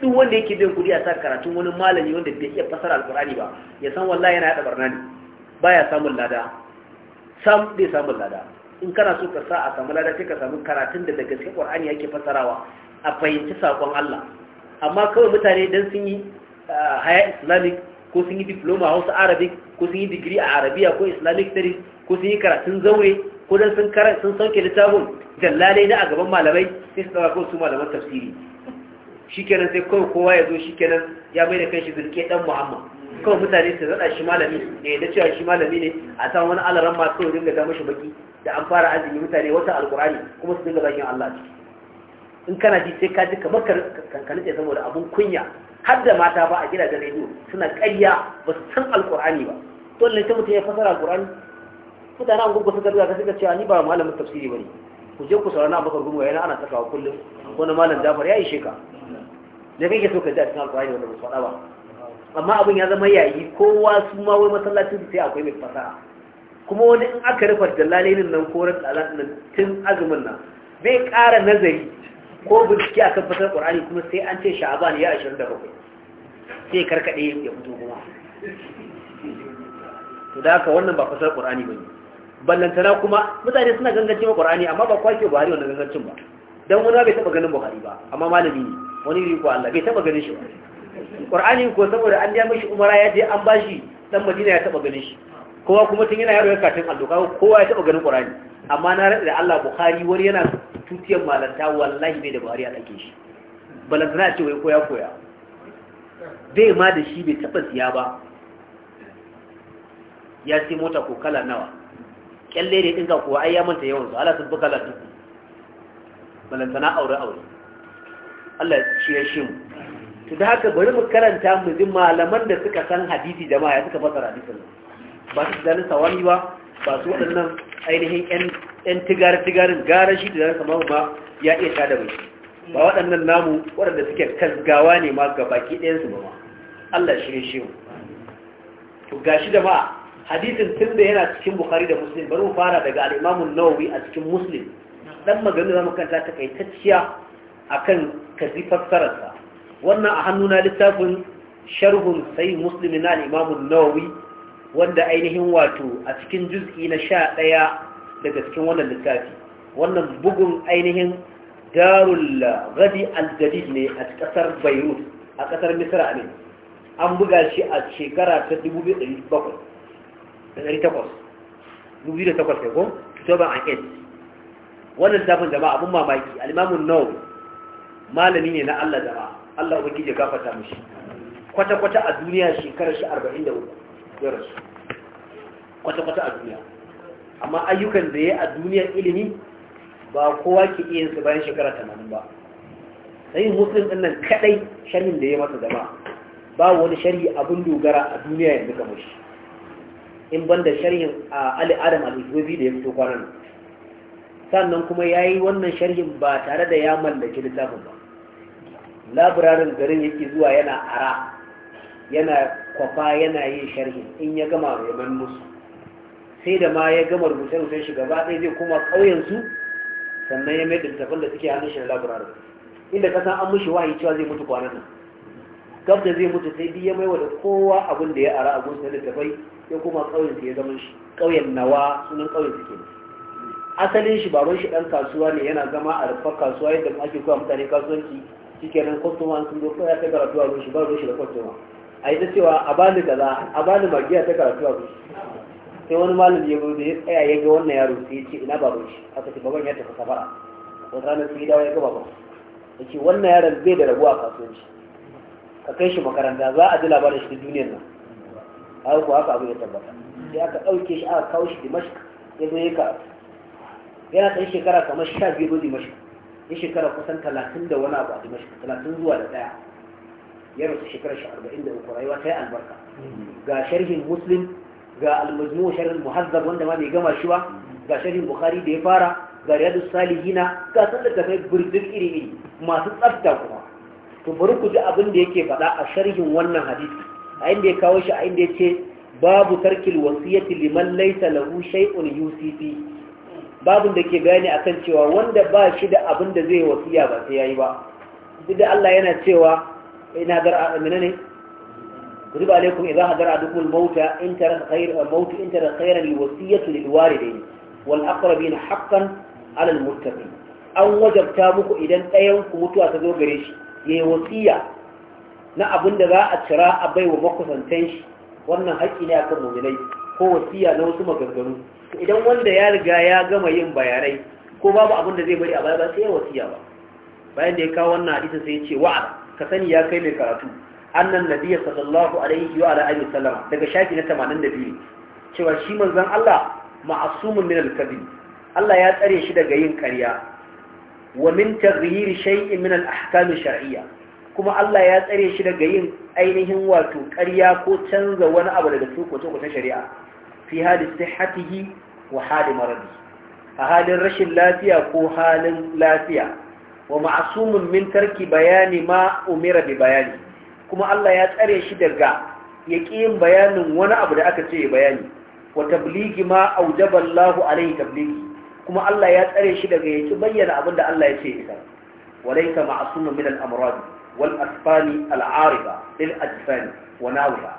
duk wanda yake biyan kuɗi a sa karatun wani malami wanda bai iya fasara alƙur'ani ba ya san wallahi yana yaɗa ɓarna ne baya samun lada sam bai samun lada in kana so ka sa a samu lada sai ka samu karatun da daga cikin Qur'ani yake fasarawa a fahimci sakon Allah amma kawai mutane dan sun yi ah, haya Islamic ko sun yi diploma Hausa Arabic ko sun yi digiri a Arabiya ko Islamic studies ko sun yi karatun zaure ko dan sun karanta sun sauke littafin jallalai na a gaban malamai sai su ko su malaman tafsiri shikenan sai kawai kowa ya zo shikenan ya mai da kanshi zirke dan Muhammad kawai mutane su zaɗa shi malami da yadda cewa shi malami ne a san wani alaran ma kawai dinga ga mashi baki da an fara azumi mutane wata alkurani kuma su dinga zagin Allah in kana ji sai ka ji kamar ka nutse saboda abun kunya har da mata ba a gidajen rediyo suna ƙarya ba su san alkurani ba dole ta mutum ya fasara alkurani mutane an gurgusa garga ka suka cewa ni ba malamin tafsiri ba ne ku je ku saurari na bakar gurgu yana ana sakawa kullum wani malam jafar ya yi sheka da kake so ka ji a cikin alkurani wanda ba su faɗa ba amma abin ya zama yayi kowa su ma wai masallacin su sai akwai mai fasaha kuma wani in aka rufa dalalilin nan ko ran dalalin nan tun azumin nan bai ƙara nazari ko bincike akan fasar Qur'ani kuma sai an ce Sha'ban ya 27 sai karkade ya fito kuma to da haka wannan ba fasar Qur'ani bane ballantana kuma mutane suna gangance ma Qur'ani amma ba kwake Buhari wannan gangancin ba dan wani bai taba ganin Buhari ba amma malami ne wani riko Allah bai taba ganin shi ba ƙur'ani ko saboda an ya mashi umara ya je an bashi ɗan madina ya taɓa ganin shi kowa kuma tun yana yaro ya katin allo kowa ya taɓa ganin ƙur'ani amma na rada da Allah Buhari, wani yana tutiyar malanta wallahi bai da Buhari a dake shi balantana ce wai koya koya bai ma da shi bai taɓa siya ba ya sai mota ko kala nawa kyalle ne ɗinka, kowa ai ya manta yawan su ala sun kala duk balantana aure aure Allah shi ya shi mu to da haka bari mu karanta mu ji malaman da suka san hadisi jama'a ya suka fasa hadisin ba su da sawani ba ba su waɗannan ainihin ƴan tigar-tigarin gara shi da zan sama ba ya iya tada mai ba waɗannan namu waɗanda suke kasgawa ne ma ga baki su ba ma Allah ne shi mu to gashi da ba hadisin tun da yana cikin Bukhari da Muslim bari mu fara daga al-Imam nawawi a cikin Muslim dan magana zamu kanta takaitacciya akan kazi fassararsa wannan a hannuna littafin sharhun sai muslimi na imamun nawawi wanda ainihin wato a cikin juz'i na sha ɗaya daga cikin wannan littafi wannan bugun ainihin darul gadi al-jadid ne a ƙasar beirut a ƙasar misra ne an buga shi a shekara ta 2008 ko 2008 wannan littafin jama'a abin mamaki al'imamun nawawi malami ne na allah jama'a Allah ubangiji ya gafarta mishi kwata-kwata a duniya shekarar shi 43 ya rasu kwata-kwata a duniya amma ayyukan da ya a duniyar ilimi ba kowa ke iya su bayan shekara 80 ba sai muslim din nan kadai sharhin da ya masa zama ba wani sharhi abin dogara a duniya yanzu kamar shi in banda sharhin Ali Adam al-Izwazi da ya fito kwanan sannan kuma yayi wannan sharhin ba tare da ya mallaki littafin ba labirarin garin yake zuwa yana ara yana kwafa yana yin sharhi in ya gama mai musu sai da ma ya gama rubuce-rubucen shi gaba ɗaya zai kuma ƙauyensu sannan ya mai littafin da suke hannun shi na labirarin inda ka san an mushi wahayi cewa zai mutu kwanan nan gab da zai mutu sai biya mai wadda kowa abin da ya ara a gunsa tafai, ya kuma su ya zama shi ƙauyen nawa sunan ƙauyen suke ne asalin shi baron shi ɗan kasuwa ne yana zama a rufar kasuwa yadda ake kowa mutane kasuwanci shikenan wa sun zo ya ta karatu a ba rushi da wa a yi ta cewa a bani kaza a bani magiya ta karatu a rushi sai wani malam ya gudu ya tsaya ya ga wannan yaro sai ya ce ina ba shi aka ce baban ya tafi safara wata ranar sai ya dawo ya ga baban ya ce wannan yaron zai da rabuwa a kasuwanci ka kai shi makaranta za a ji labarin shi ta duniyar nan har kuwa haka abu ya tabbata sai aka ɗauke shi aka kawo shi dimashq ya zo ya ka yana ɗan shekara kamar sha biyu zo dimashq ya shekara kusan talatin da wani abu a dimashq talatin zuwa da daya ya rasu shekarar shi arba'in da uku rayuwa ta yi albarka ga sharhin muslim ga almajmu sharhin muhazzab wanda ma bai gama shi ba ga sharhin bukhari da ya fara ga riyadu salihina ga san da kai burdik iri iri masu tsafta kuma to bari ku ji abin da yake faɗa a sharhin wannan hadisi a inda ya kawo shi a inda ya ce babu tarkil wasiyati liman laysa lahu shay'un yusifi babin da ke bayani akan cewa wanda ba shi da abin da zai wasiya ba sai yayi ba duk da Allah yana cewa ina gar amina ne kutub alaikum idza hadara adukum mauta in tara khayr maut in tara khayran alwasiyatu lilwalidayn wal aqrabin haqqan ala almuttaqin an wajabta muku idan ɗayan ku mutuwa ta zo gare shi yayi wasiya na abin da za a cira a baiwa makusantan shi wannan haƙƙi ne akan mu'minai ko wasiya na wasu maganganu idan wanda ya riga ya gama yin bayanai ko babu abin da zai bari a baya ba sai ya wasiya ba bayan da ya kawo wannan hadisin sai ya ce wa'a ka sani ya kai mai karatu annan nabiyyi sallallahu alaihi wa ala alihi sallama daga shafi na 82 cewa shi manzon Allah ma'asumun min al-kadhib Allah ya tsare shi daga yin ƙarya wa min taghyir shay'in min al-ahkam shariyya kuma Allah ya tsare shi daga yin ainihin wato ƙarya ko canza wani abu daga hukuncin shari'a fi hali sihhatihi wa hali maradi a halin rashin lafiya ko halin lafiya wa ma'asumun min tarki bayani ma umira bi bayani kuma Allah ya tsare shi daga yaƙin bayanin wani abu da aka ce bayani wa tabligi ma aujaballahu Allah alaihi tabligi kuma Allah ya tsare shi daga yaki bayyana abin da Allah ya ce isa walaysa ma'asumun min al-amrad wal asfani al-ariba lil ajfani wa nawiha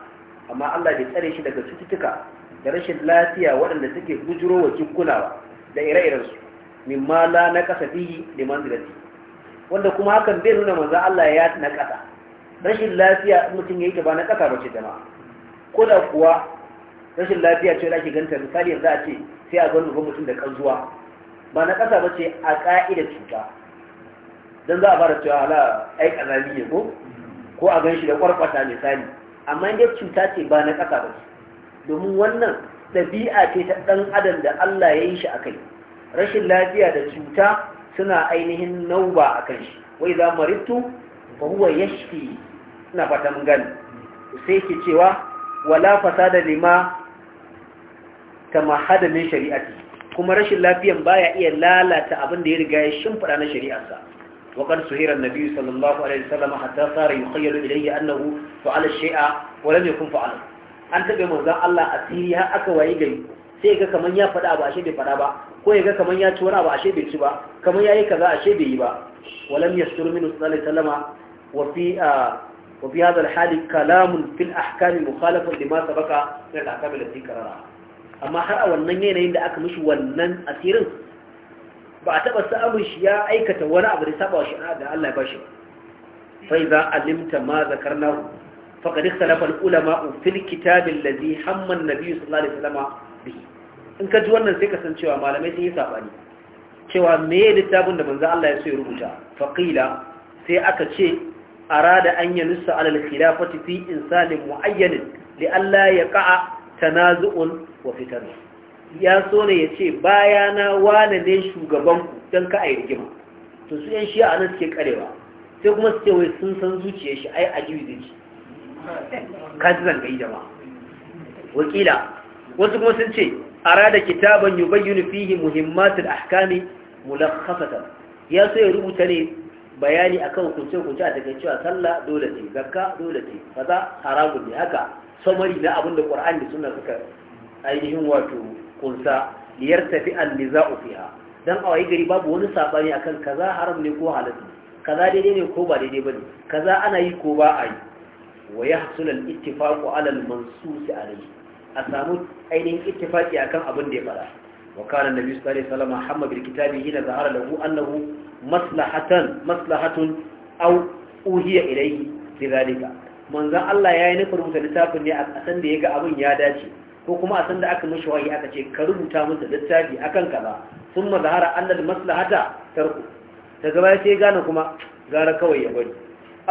amma Allah ya tsare shi daga cututtuka da rashin lafiya waɗanda suke gujiro wa kulawa da ire-irensu mimma la na ƙasa fihi liman zilati wanda kuma hakan bai nuna manzo Allah ya na ƙasa. rashin lafiya mutum ya yi ba na ƙasa bace jama'a ko da kuwa rashin lafiya ce da ake ganta misali yanzu a ce sai a gwanda mutum da kanzuwa ba na ƙasa ba ce a ƙa'ida cuta don za a fara cewa ala ai ƙazali ne ko ko a ganshi da kwarkwata misali amma inda cuta ce ba na ƙasa ba ce. domin wannan ɗabi'a ce ta ɗan adam da Allah ya yi shi a kai rashin lafiya da cuta suna ainihin nauba a kan shi wai za marittu Ba huwa yashfi na fatan gan. sai ke cewa wala da lima tamahada min shari'ati kuma rashin lafiyan baya iya lalata abin da ya riga ya shimfida na shari'arsa وقد سهر النبي صلى الله عليه وسلم حتى صار يخيل إليه أنه فعل الشيء ولم يكن فعله an taɓa manzan Allah asiri har aka waye gari sai ga kaman ya faɗa ba ashe bai faɗa ba ko ya ga kaman ya ci wani ba ashe bai ci ba kaman ya yi kaza ashe bai yi ba walam yastur min sallallahu alaihi wasallam wa fi wa fi kalamun fil ahkam mukhalafun lima sabaqa min al ahkam allati karara amma har a wannan yanayin da aka mishi wannan asirin ba a taɓa samun shi ya aikata wani abu da saba shi da Allah ya bashi fa idza alimta ma zakarnahu فقد اختلف Ulama في الكتاب الذي Hamman, النبي صلى الله عليه وسلم in ka ji wannan sai ka san cewa malamai sun yi sabani cewa me littafin da banza Allah ya so ya rubuta Faƙila. sai aka ce arada an nusa alal khilafati fi insanin muayyan li alla ta tanazu'un wa fitan ya so ne ya ce na wane ne shugaban ku dan ka yi rigima to su yan shi'a nan suke karewa sai kuma suke wai sun san zuciyar shi ai ajibi zai ka ji zangayi jama'a wakila wasu kuma sun ce da kitaban yi bayyana fihi muhimmatar ahkami mulakhasatan ya so ya rubuta ne bayani akan kunce-kunce a takaice cewa sallah dole ce zakka dole ce haramun ne haka samari na abin da ƙwar'an da suna suka ainihin wato kunsa liyar tafi za a fiya. dan a wayi gari babu wani saɓani akan kaza haram ne ko halal kaza daidai ne ko ba daidai ba ne? kaza ana yi ko ba a yi wa ya hasulan ittifaku alal mansusi alai a samu ainihin ittifaki akan abin da ya fara wa kana nabi sallallahu alaihi wasallam hamma bil kitabi hina zahara lahu annahu maslahatan maslahatun aw uhiya ilayhi lidhalika manzo Allah yayi nufin rubuta littafin ne a san da yaga abin ya dace ko kuma a san da aka mishi wahayi aka ce ka rubuta masa littafi akan kaza thumma zahara annal maslahata tarku Ta baya sai gane kuma gara kawai ya bari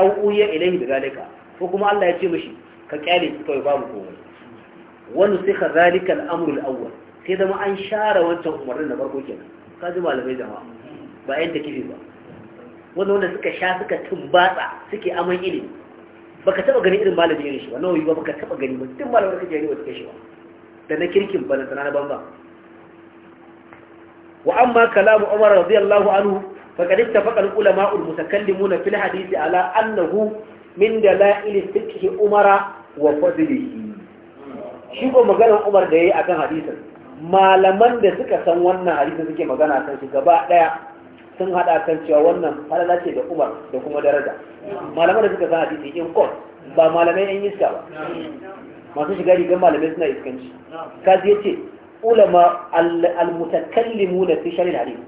aw uhiya ilayhi lidhalika ko kuma Allah ya ce mishi ka kyale su kawai babu komai wani suka zalikal amrul awwal sai zama an share wancan umarnin da farko kenan ka ji malamai jama'a ba yadda kifi ba wanda wanda suka sha suka tumbatsa suke aman ilimi baka taba gani irin malamin irin shi ba nawa yi ba baka taba gani ba duk malamin kake yi ba suke shi ba da na kirkin ba na sana banza wa amma kalamu umar radiyallahu anhu faqad ittafaqa al-ulama al-mutakallimuna fil hadisi ala annahu min da la'ili fiqhi umara wa fadlihi shi ko maganar umar da yayi akan hadisin malaman da suka san wannan hadisin suke magana kan shi gaba daya sun hada kan cewa wannan falala ce da umar da kuma daraja malaman da suka san hadisi in ko ba malamai yan iska ba masu shiga rigar malamai suna iskanci kazi ya ce ulama al na fi al-hadith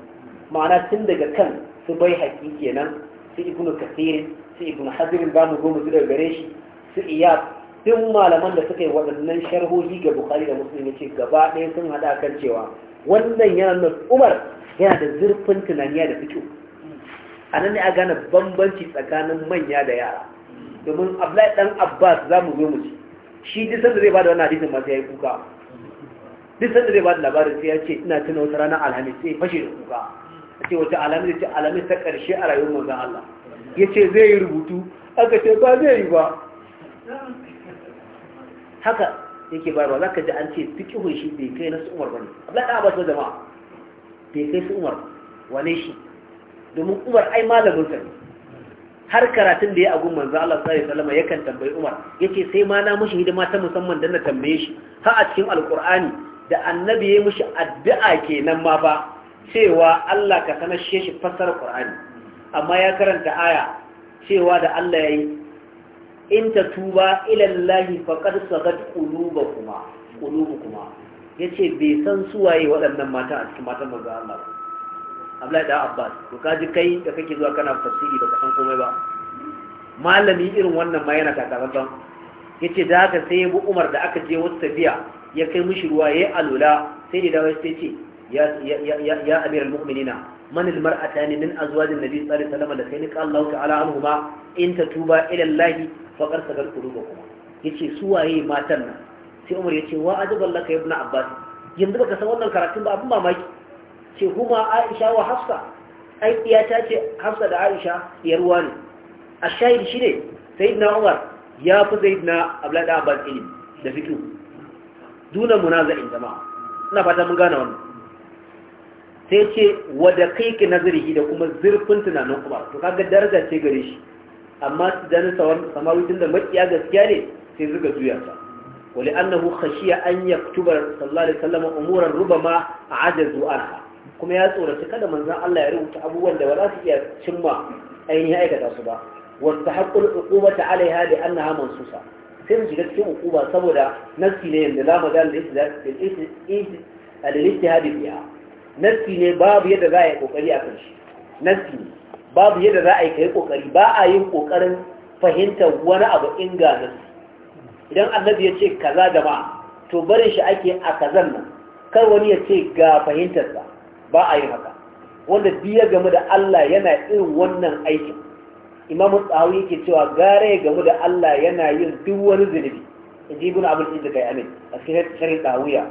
ma'ana tun daga kan su bai haƙi kenan su ibnu kasir su ibnu hazir ba mu goma su daga gare shi su iyad duk malaman da suka yi waɗannan sharhohi ga bukari da muslim ce gaba ɗaya sun haɗa kan cewa wannan yana nuna umar yana da zurfin tunaniya da fito a nan ne a gane bambanci tsakanin manya da yara domin abdullahi dan abbas za mu zo mu ci shi duk sanda zai bada wannan hadisin masu yayi kuka duk sanda zai bada labarin sai ya ce ina tuna wata ranar alhamis sai fashe da kuka ce wata alamis ce alamun ta ƙarshe a rayuwar manzan Allah ya ce zai yi rubutu aka ce ba zai yi ba haka yake ba za ka ji an ce fiƙi hunshi bai kai na su umar ba ne abdullahi ɗan abbas zama bai kai su umar wane shi domin umar ai malamin sa ne har karatun da ya agun manzan Allah sallallahu ya ya kan tambayi umar ce sai ma na mushi hidima ta musamman don na tambaye shi ha a cikin alkur'ani da annabi ya mushi addu'a kenan ma ba. cewa Allah ka sanar shi fassara Qur'ani amma ya karanta aya cewa da Allah yayi in ta tuba ila Allah faqad sagat qulubukuma qulubukuma yace bai san suwaye waɗannan mata a cikin matan manzo Allah ba Abdullahi da Abbas to kaji kai da kake zuwa kana tafsiri baka san komai ba malami irin wannan ma yana takarantan yace da haka sai ya bi Umar da aka je wata tafiya ya kai mishi ruwa yayi alula sai da dawo sai ce يا يا يا, يا أمير المؤمنين من المرأتان من أزواج النبي صلى الله عليه وسلم اللتين قال الله تعالى عنهما إن تتوبا إلى الله فقد سكت قلوبكما yace su waye matan nan sai Umar yace wa ajaban laka yanzu baka san wannan karatun ba abin mamaki ce kuma Aisha wa Hafsa ai iyata ce Hafsa da Aisha iyar wani. a shahid shi ne sayyidina Umar ya fi sayyidina Abdullahi Abbas ilim da fiqh duna munaza'in jama'a ina fata mun gane wannan sai ce wada kai ki nazarihi da kuma zurfin tunanin kuma to kaga daraja ce gare shi amma su dani samawitin da makiya gaskiya ne sai zuga juya sa wali annahu khashiya an yaktuba sallallahu alaihi wasallam umuran rubama ajazu anha kuma ya tsorata kada manzon Allah ya rubuta abubuwan da ba za su iya cimma ainihin aikata su ba Wata haqqul uqubata alaiha bi annaha mansusa sai mu shiga cikin uquba saboda nasi ne yanda la madal lil ijtihadi fiha nassi ne babu yadda za a yi kokari a kan shi nassi ne babu yadda za a yi kai kokari ba a yin kokarin fahimtar wani abu inga nassi idan annabi ya ce kaza da ma to barin shi ake a kazan nan kar wani ya ce ga fahimtarsa ba a yi haka wanda biya game da Allah yana irin wannan aikin imamu tsawo yake cewa gare game da Allah yana yin duk wani zunubi in ji ibn abul izza kai amin a cikin sharhi tsawiya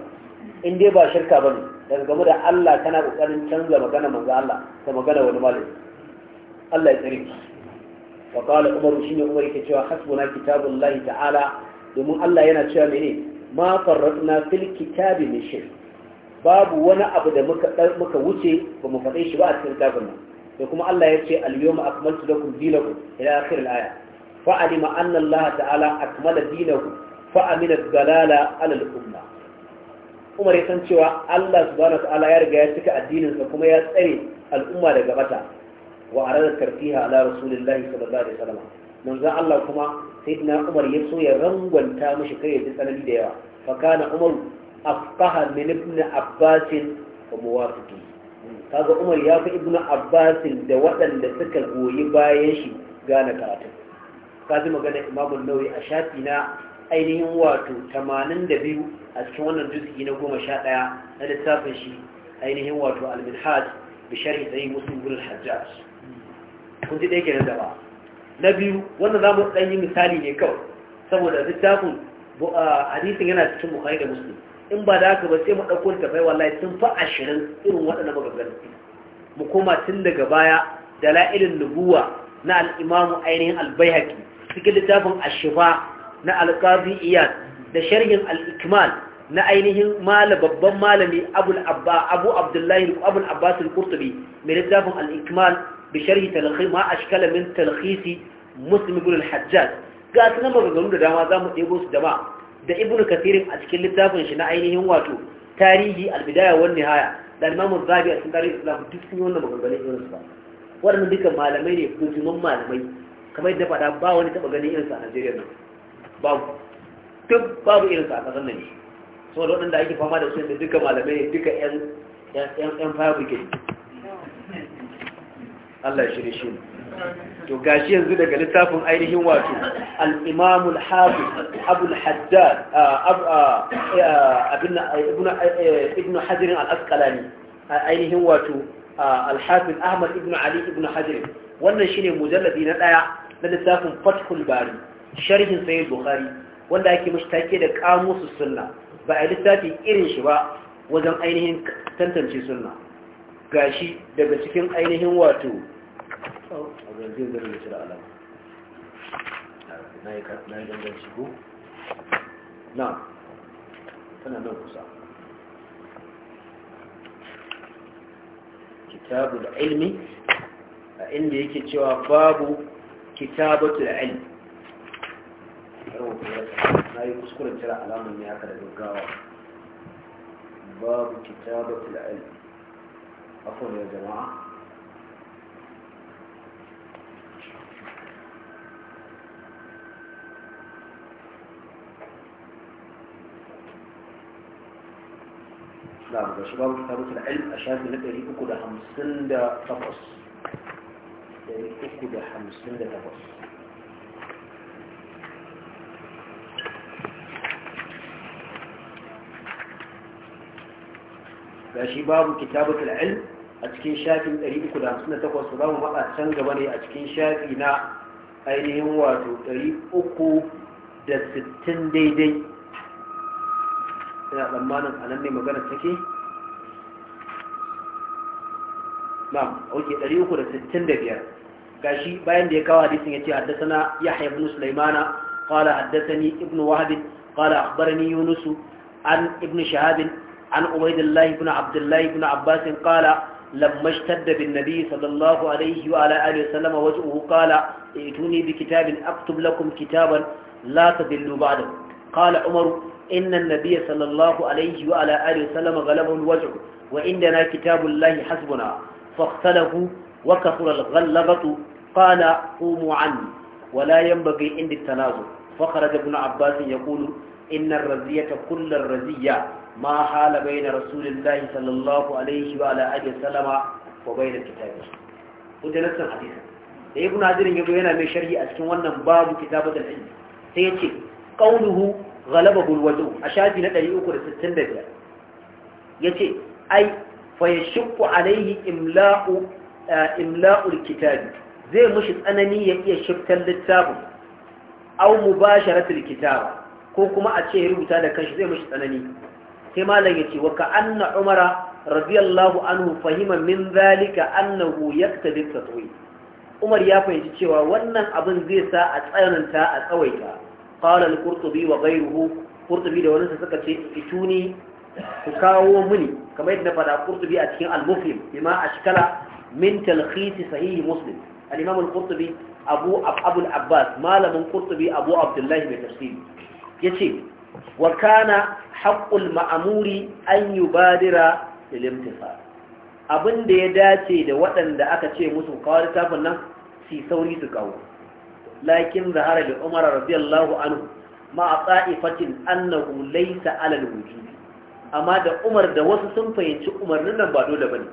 in dai ba shirka bane daga game da Allah kana kokarin canza magana manzo Allah da magana wani malami Allah ya tsare ki wa qala umaru shine umar yake cewa hasbuna kitabullahi ta'ala domin Allah yana cewa mene ma farratna fil kitabi min shay babu wani abu da muka muka wuce ba mu faɗe shi ba a cikin kitabun nan da kuma Allah ya ce al-yawma akmaltu lakum dinakum ila akhir al-aya fa alima anna Allah ta'ala akmala dinahu fa amina dalala ala al-umma umar ya san cewa Allah subhanahu ta'ala ya riga ya cika addininsa kuma ya tsare al'umma daga bata wa karfi tarfiha ala rasulillahi sallallahu alaihi wasallam manzo Allah kuma sayyidina umar ya so ya rangwanta mishi kai ji tsanani da yawa fa kana umar afqaha min ibn abbas wa muwafiqi kaga umar ya fi ibn abbas da waɗanda suka goyi bayan shi gane karatu kaji magana imamun nauyi a shafi na ainihin wato 82 a cikin wannan juz'i na goma sha ɗaya na littafin shi ainihin wato al-minhaj bi sharhi sahih muslim bin hajjaj kun ji dake nan gaba na biyu wannan za mu dan yi misali ne kawai saboda littafin hadisin yana cikin bukhari da muslim in ba da haka ba sai mu ɗauko dauko littafai wallahi sun fa ashirin irin waɗannan maganganu mu koma tun daga baya dalailin nubuwa na al ainihin al cikin littafin ash na alkazi iyad da sharhin al'ikmal na ainihin mala babban malami abu abdullahi abu abbas al mai littafin al'ikmal da bi sharhi talkhis ma ashkala min talkhisi muslim ibn al-hajjaj ga sunan maganganu da dama zamu ɗebo su dama da ibn kathir a cikin littafin shi na ainihin wato tarihi al-bidaya wan nihaya da imam zabi a cikin tarihi islam duk sun yi wannan maganganun irinsu ba waɗannan duka malamai ne bujuman malamai kamar yadda faɗa ba wani taɓa ganin irinsu a Najeriya nan babu duk babu irin sa a kasar nan so da waɗanda ake fama da su da duka malamai duka yan yan Allah ya shirye shi to gashi yanzu daga littafin ainihin wato al-Imam al-Hafiz Abu al-Haddad Abu ibnu Hajar al-Asqalani ainihin wato al-Hafiz Ahmad ibnu Ali ibnu Hajar wannan shine mujalladi na daya na littafin Fathul Bari sharhin sai bukhari wanda ake mishi take da kamusu sunna ba a littafi irin shi ba wajen ainihin tantance sunna gashi daga cikin ainihin wato Kitabu da ilmi a inda yake cewa babu da ilmi باب كتابة العلم شباب نعم، كتابة العلم أشاهد من الأري أكد حمسين دا تبص أري أكد حمسين دا تبص gashi babu kitabatul ilm a cikin shafin 358 su zamu matsa can gaba ne a cikin shafi na ainihin wato 360 daidai ina tsammanin a nan ne magana take na'am oke 365 gashi bayan da ya kawo hadisin yace haddathana yahya ibn sulaimana qala ni ibn wahb qala akhbarani Yunusu, an ibn shahab عن عبيد الله بن عبد الله بن عباس قال لما اشتد بالنبي صلى الله عليه وعلى آله وسلم وجهه قال ائتوني بكتاب أكتب لكم كتابا لا تضلوا بعده قال عمر إن النبي صلى الله عليه وعلى آله وسلم غلبه الوجع وعندنا كتاب الله حسبنا فاختلفوا وكثر الغلبة قال قوموا عني ولا ينبغي عند التنازل فخرج ابن عباس يقول إن الرزية كل الرزية ma hala bayna rasulillahi sallallahu alaihi wa ala alihi sallama wa bayna kitabi hujjatun hadisi da ibnu hajar yazo yana mai sharhi a cikin wannan babu kitabatul ilmi sai yace qawluhu ghalabahu alwadu a shafi na 365 yace ai fa yashqu alaihi imla'u imla'ul kitabi zai mushi tsanani ya iya shiftar littafin au mubasharatul kitaba ko kuma a ce ya rubuta da kanshi zai mushi tsanani sai malam yace wa ka anna umara radiyallahu anhu fahima min zalika annahu yaktabi umar ya fahimci cewa wannan abin zai sa a tsananta a tsawaita qala kurtubi wa ghayruhu qurtubi da wani suka ce ituni ku kawo mini kamar yadda fada qurtubi a cikin al-muslim bima ashkala min talkhis sahih muslim al-imam al kurtubi abu abul abbas malamin kurtubi abu abdullahi mai tafsiri yace wa kana haƙƙul ma'amuri an yi badira ilimtifa abin da ya dace da waɗanda aka ce musu kawo littafin nan si sauri su kawo lakin zahara da umar rabiyallahu anu, ma a tsa'ifatin annahu laisa alal wujubi amma da umar da wasu sun fahimci umarnin nan ba dole bane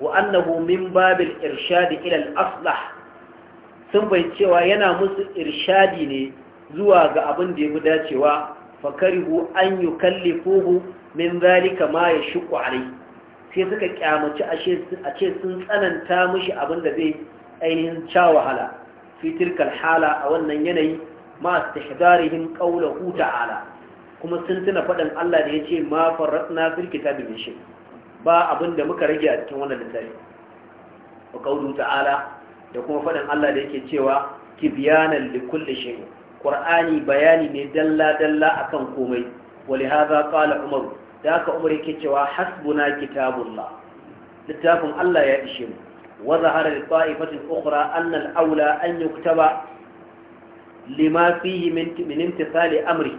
wa annahu min babil irshadi ila al-aslah sun fahimci cewa yana musu irshadi ne zuwa ga abin da ya fi dacewa fakarihu an yukallifuhu min zalika ma yashqu alai sai suka kyamaci a ce sun tsananta mishi abin da zai ainihin sha wahala fi hala a wannan yanayi ma istihdarihim qawluhu ta'ala kuma sun tuna faɗin Allah da yace ma farratna fil kitabi min ba abin da muka rage a cikin wannan littafi wa qawluhu ta'ala da kuma faɗin Allah da yake cewa tibyanan likulli shi. qur'ani bayani ne dalla dalla akan komai ولهذا Umaru, عمر ذاك عمر yake cewa hasbuna kitabullah littafin Allah ya ishe mu wa zahara li ta'ifatin ukhra Annal aula an yuktaba lima fihi min amri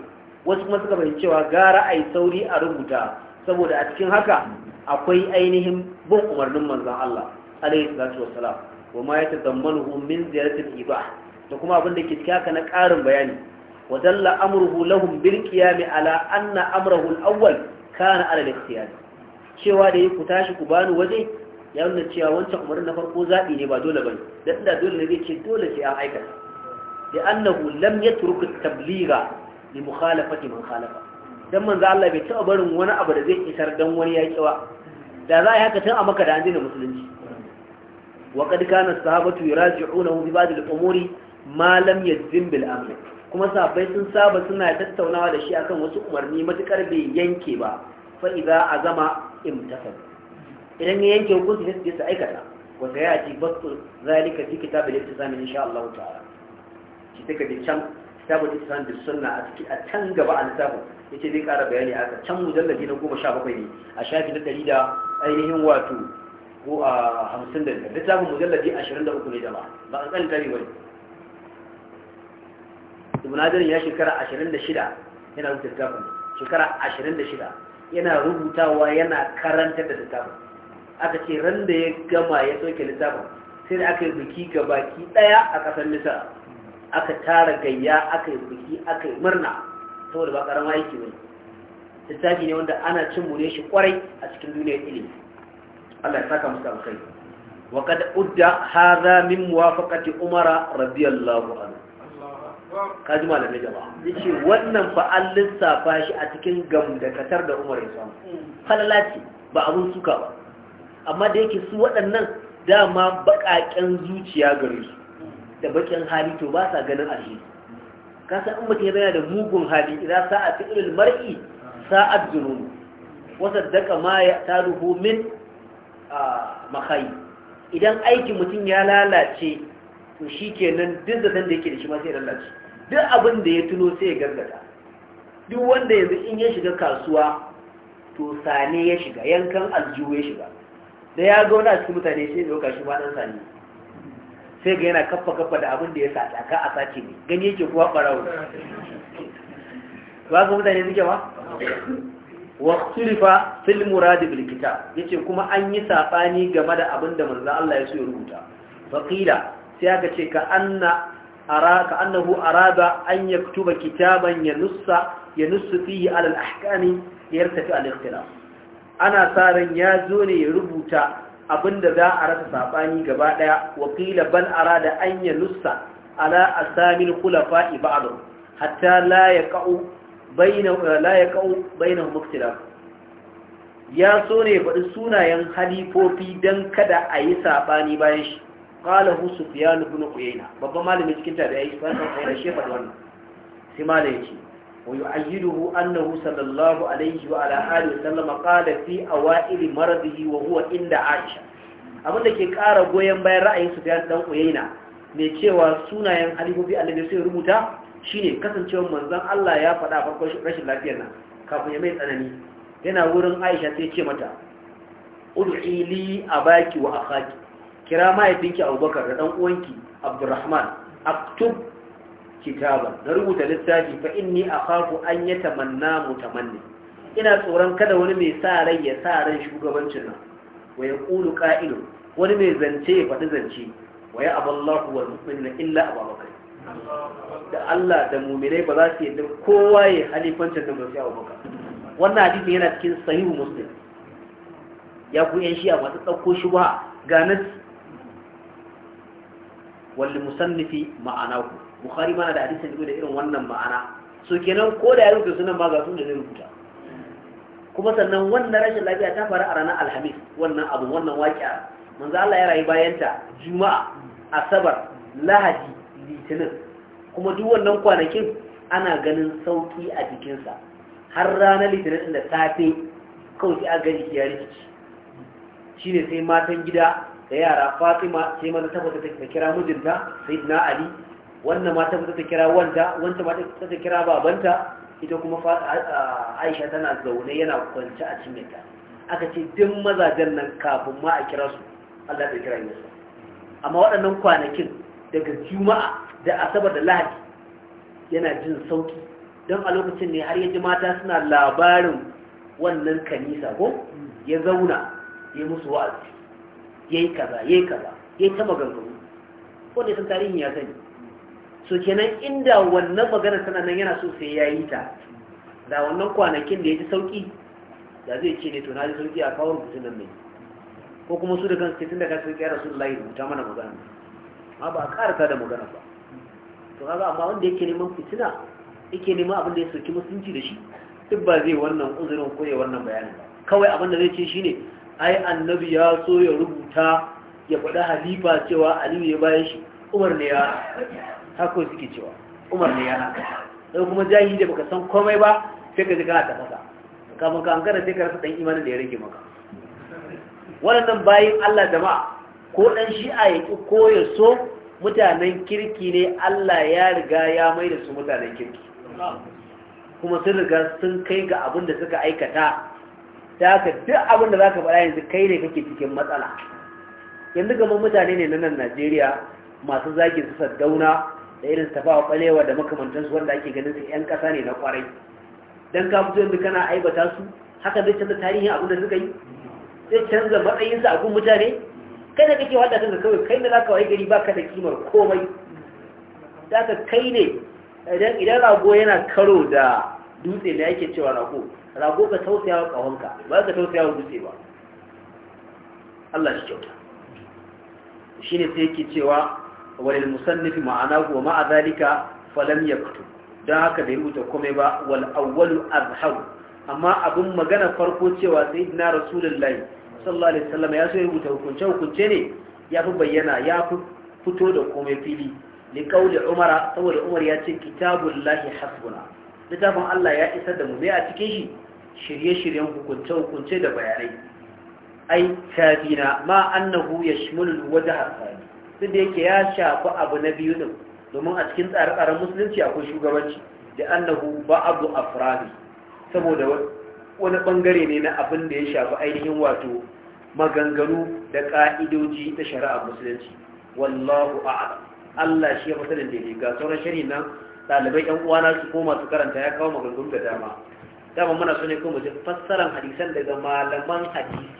wasu kuma suka bayyana cewa gara ai sauri a rubuta saboda a cikin haka akwai ainihin bin umarnin manzon Allah alaihi salatu wassalam wa ma yatazammanuhu min ziyaratil ibah da kuma abinda ke cikin na ƙarin bayani wa dalla amruhu lahum bil qiyami ala anna amrahu al awwal kana ala al ikhtiyar cewa da ku tashi ku bani waje ya nuna cewa wancan umarnin na farko zabi ne ba dole bane da inda dole ne zai ce dole sai an aikata da annahu lam yatruk at tabliga li mukhalafati man khalafa dan manzo Allah bai taɓa barin wani abu da zai isar dan wani ya kiwa da za a yi haka tun a maka da an daina musulunci وقد كان الصحابة يراجعونه في بعض الأمور malam yazzin bil amr kuma sahabbai sun saba suna tattaunawa da shi akan wasu umarni matukar bai yanke ba fa idza azama imtasal idan ya yanke hukunci sai su aikata a sayati basu zalika fi kitab da ittisam insha Allah ta'ala shi take da can kitab al-ittisam da sunna a cikin a can gaba a ya yace zai kara bayani a can mujallabi na 17 ne a shafi na 100 da ainihin wato ko a 55 littafin mujallabi 23 ne da ba ba an tsanta ne bane ibn ya shekara 26 yana rubuta littafin shekara 26 yana rubutawa yana karanta da littafin aka ce ran da ya gama ya soke littafin sai da aka yi biki ga baki daya a kasar misar aka tara gayya aka yi biki aka yi murna saboda ba karama aiki ne littafi ne wanda ana cin mune shi kwarai a cikin duniyar ilimi Allah ya saka musu alkhairi wa أدى udda من min muwafaqati umara radiyallahu anhu kaji malamai gaba yace wannan fa an lissafa shi a cikin gam da katar da Umar ya samu ba abun suka ba amma da yake su waɗannan dama baƙaƙen zuciya gare su da baƙin hali to ba sa ganin alheri ka san in mutum yana da mugun hali idan sa'a fi ilil mar'i sa'ad zunubu wasa daga ma ya taruhu min makai idan aikin mutum ya lalace to shi kenan duk da yake da shi ma sai lalace duk abin da ya tuno sai ya gaggata duk wanda yanzu in ya shiga kasuwa to sane ya shiga yankan aljihu ya shiga da ya ga wani a cikin mutane sai ya kashi ma dan sane sai ga yana kaffa kaffa da abin da ya sa tsaka a sace ne gani yake kuwa ɓarawo ba ga mutane suke ba waktulifa fil muradi bil kitab yace kuma an yi sabani game da abin da manzo Allah ya so ya rubuta faqila sai aka ce ka anna ara ka annahu arada an yaktuba kitaban yanussa yanussu fihi ala al-ahkami yartafi al-ikhtilaf ana saran ya zo ne ya rubuta abinda za a rasa sabani gaba daya wakila bal arada an yanussa ala asamil khulafa'i ba'd hatta la yaqau bayna la yaqau bainahum ikhtilaf ya so ne faɗi sunayen halifofi don kada a yi saɓani bayan shi qala hu sufyan ibn uyayna babba malami cikin tabi'ai sufyan ibn uyayna shi faɗi wannan sai malami yace wa yu'ayyiduhu annahu sallallahu alaihi wa ala alihi wa sallam qala fi awa'ili maradihi wa huwa inda aisha abinda ke ƙara goyen bayan ra'ayin sufyan dan uyayna mai cewa sunayen halifofi annabi sai rubuta shine kasancewar manzon Allah ya faɗa farkon rashin lafiyar nan kafin ya mai tsanani yana wurin Aisha sai ce mata ud'i a baki wa akhaki kira mahaifinki abubakar da ɗan'uwanki abdurrahman aktub kitaban na rubuta littafi fa inni akhafu an yatamanna mutamanni ina tsoron kada wani mai sa rai ya sa ran shugabancin nan wa yaqulu qa'ilu wani mai zance ya faɗi zance wa ya aballahu wal mu'minuna illa abubakar da Allah da mu'minai ba za su yadda kowa ya halifancin da ba sai wannan hadisi yana cikin sahihu muslim ya ku yan a masu ɗauko ba ga nan wal musannifi ma'anahu bukhari mana da hadisin da irin wannan ma'ana so kenan ko da ya rubuta sunan ba ga sun zai rubuta kuma sannan wannan rashin lafiya ta faru a ranar alhamis wannan abu wannan waƙiya manzo Allah ya rayu bayanta juma'a asabar lahadi litinin kuma duk wannan kwanakin ana ganin sauki a jikinsa har ranar litinin da safe kawai sai a gani ya rikici shine sai matan gida da yara fatima ce mana tabbata ta kira mijinta na ali wannan ma tabbata ta kira wanta wanda ma ta kira babanta ita kuma aisha tana zaune yana kwance a cikin ta aka ce duk mazajen nan kafin ma a kira su Allah ya kira yinsa amma waɗannan kwanakin daga juma'a da asabar da lahadi yana jin sauki don a lokacin ne har yanzu mata suna labarin wannan kanisa ko ya zauna ya musu wa'azi yayi kaza yayi kaza yayi ta maganganu ko da san tarihi ya sani so kenan inda wannan magana tana nan yana so sai yayi ta da wannan kwanakin da ya ji sauki da zai ce ne to na ji sauki a kawo rubutun nan mai ko kuma su da kansu ce tun da ka sauki ya rasu layi rubuta mana magana ma ba a karata da magana ba to kaga amma wanda yake neman fitina yake neman abin da ya sauki musulunci da shi duk ba zai wannan uzurin ko ya wannan bayanin ba kawai abin da zai ce shine ai annabi ya so ya rubuta ya faɗi halifa cewa aliyu ya bayan shi umar ne ya haka suke cewa umar ne ya haka sai kuma jahili da baka san komai ba sai ka ji kana fasa kafin ka ankara sai ka rasa dan imanin da ya rage maka waɗannan bayin Allah jama'a ko ɗan shi'a ya ki ko ya so mutanen kirki ne Allah ya riga ya mai da su mutanen kirki kuma sun riga sun kai ga abin da suka aikata ta haka duk abin da za ka faɗa yanzu kai ne kake cikin matsala yanzu gaban mutane ne na nan najeriya masu zagin su sadauna da irin tafawa ɓalewa da makamantansu wanda ake ganin su 'yan ƙasa ne na kwarai don ka fito yanzu kana aibata su haka zai canza tarihin abin da suka yi zai canza matsayinsa a gun mutane kai da kake wadda kanka kawai kai ne za ka wai gari ba ka da kimar komai za ka kai ne idan rago yana karo da dutse da yake cewa rago rago ka tausaya wa ƙahonka ba ka tausaya wa dutse ba Allah shi kyauta shi ne sai yake cewa walil musannif ma'ana wa ma'a zalika falam yaktub dan haka bai rubuta komai ba wal awwalu azhar amma abin magana farko cewa sayyidina rasulullahi sallallahu alaihi wasallam ya so ya rubuta hukunce hukunce ne ya fi bayyana ya fi fito da komai fili li qawli umara saboda umar ya ce kitabullahi hasbuna littafin Allah ya isar da mu bai a cikin shi shirye-shiryen hukunce-hukunce da bayanai ai tafina ma annahu shimulu wajen tsani duk da yake ya shafi abu na biyu din domin a cikin tsare-tsaren musulunci akwai shugabanci da annahu a firani saboda wani bangare ne na abin da ya shafi ainihin wato maganganu da ka'idoji ta shari'a musulunci wallahu a'lam Allah shi ya fasa da daidai ga sauran shari nan ɗalibai 'yan uwana su koma su karanta ya kawo maganganu da dama dama muna sune kuma ji fassaran hadisan daga malaman hadisi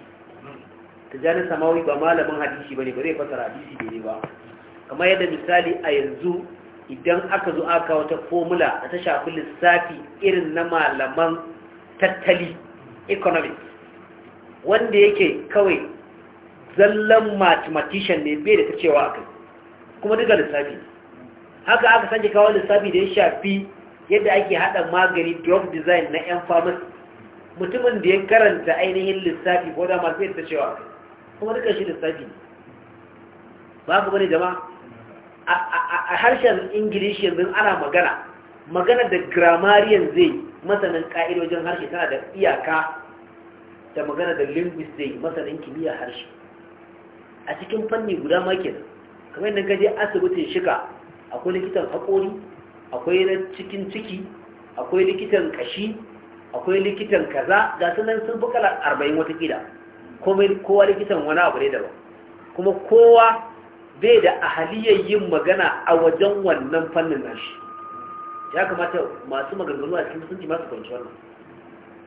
tijani samawi ba malamin hadisi bane ba zai fassara hadisi ne ba kamar yadda misali a yanzu idan aka zo aka wata formula da ta shafi lissafi irin na malaman tattali economics wanda yake kawai zallan mathematician ne bai da ta cewa akai kuma duka lissafi haka aka sanje kawo lissafi da ya shafi yadda ake haɗa magani drug design na 'yan pharmacy mutumin da ya karanta ainihin lissafi ko da masu yadda cewa kuma duka shi lissafi ba ku bane jama a harshen ingilishi yanzu ana magana magana da grammarian zai masanin ka'idojin harshe tana da iyaka da magana da linguist zai masanin kimiyyar harshe a cikin fanni guda makin kamar yadda gaje asibitin shiga akwai likitan haƙori akwai na cikin ciki akwai likitan kashi akwai likitan kaza ga nan sun fi kala arba'in kila kowa likitan wani abu ne daban kuma kowa bai da ahaliyar yin magana a wajen wannan fannin nashi ya kamata masu maganganu a cikin musulunci masu kwanci wannan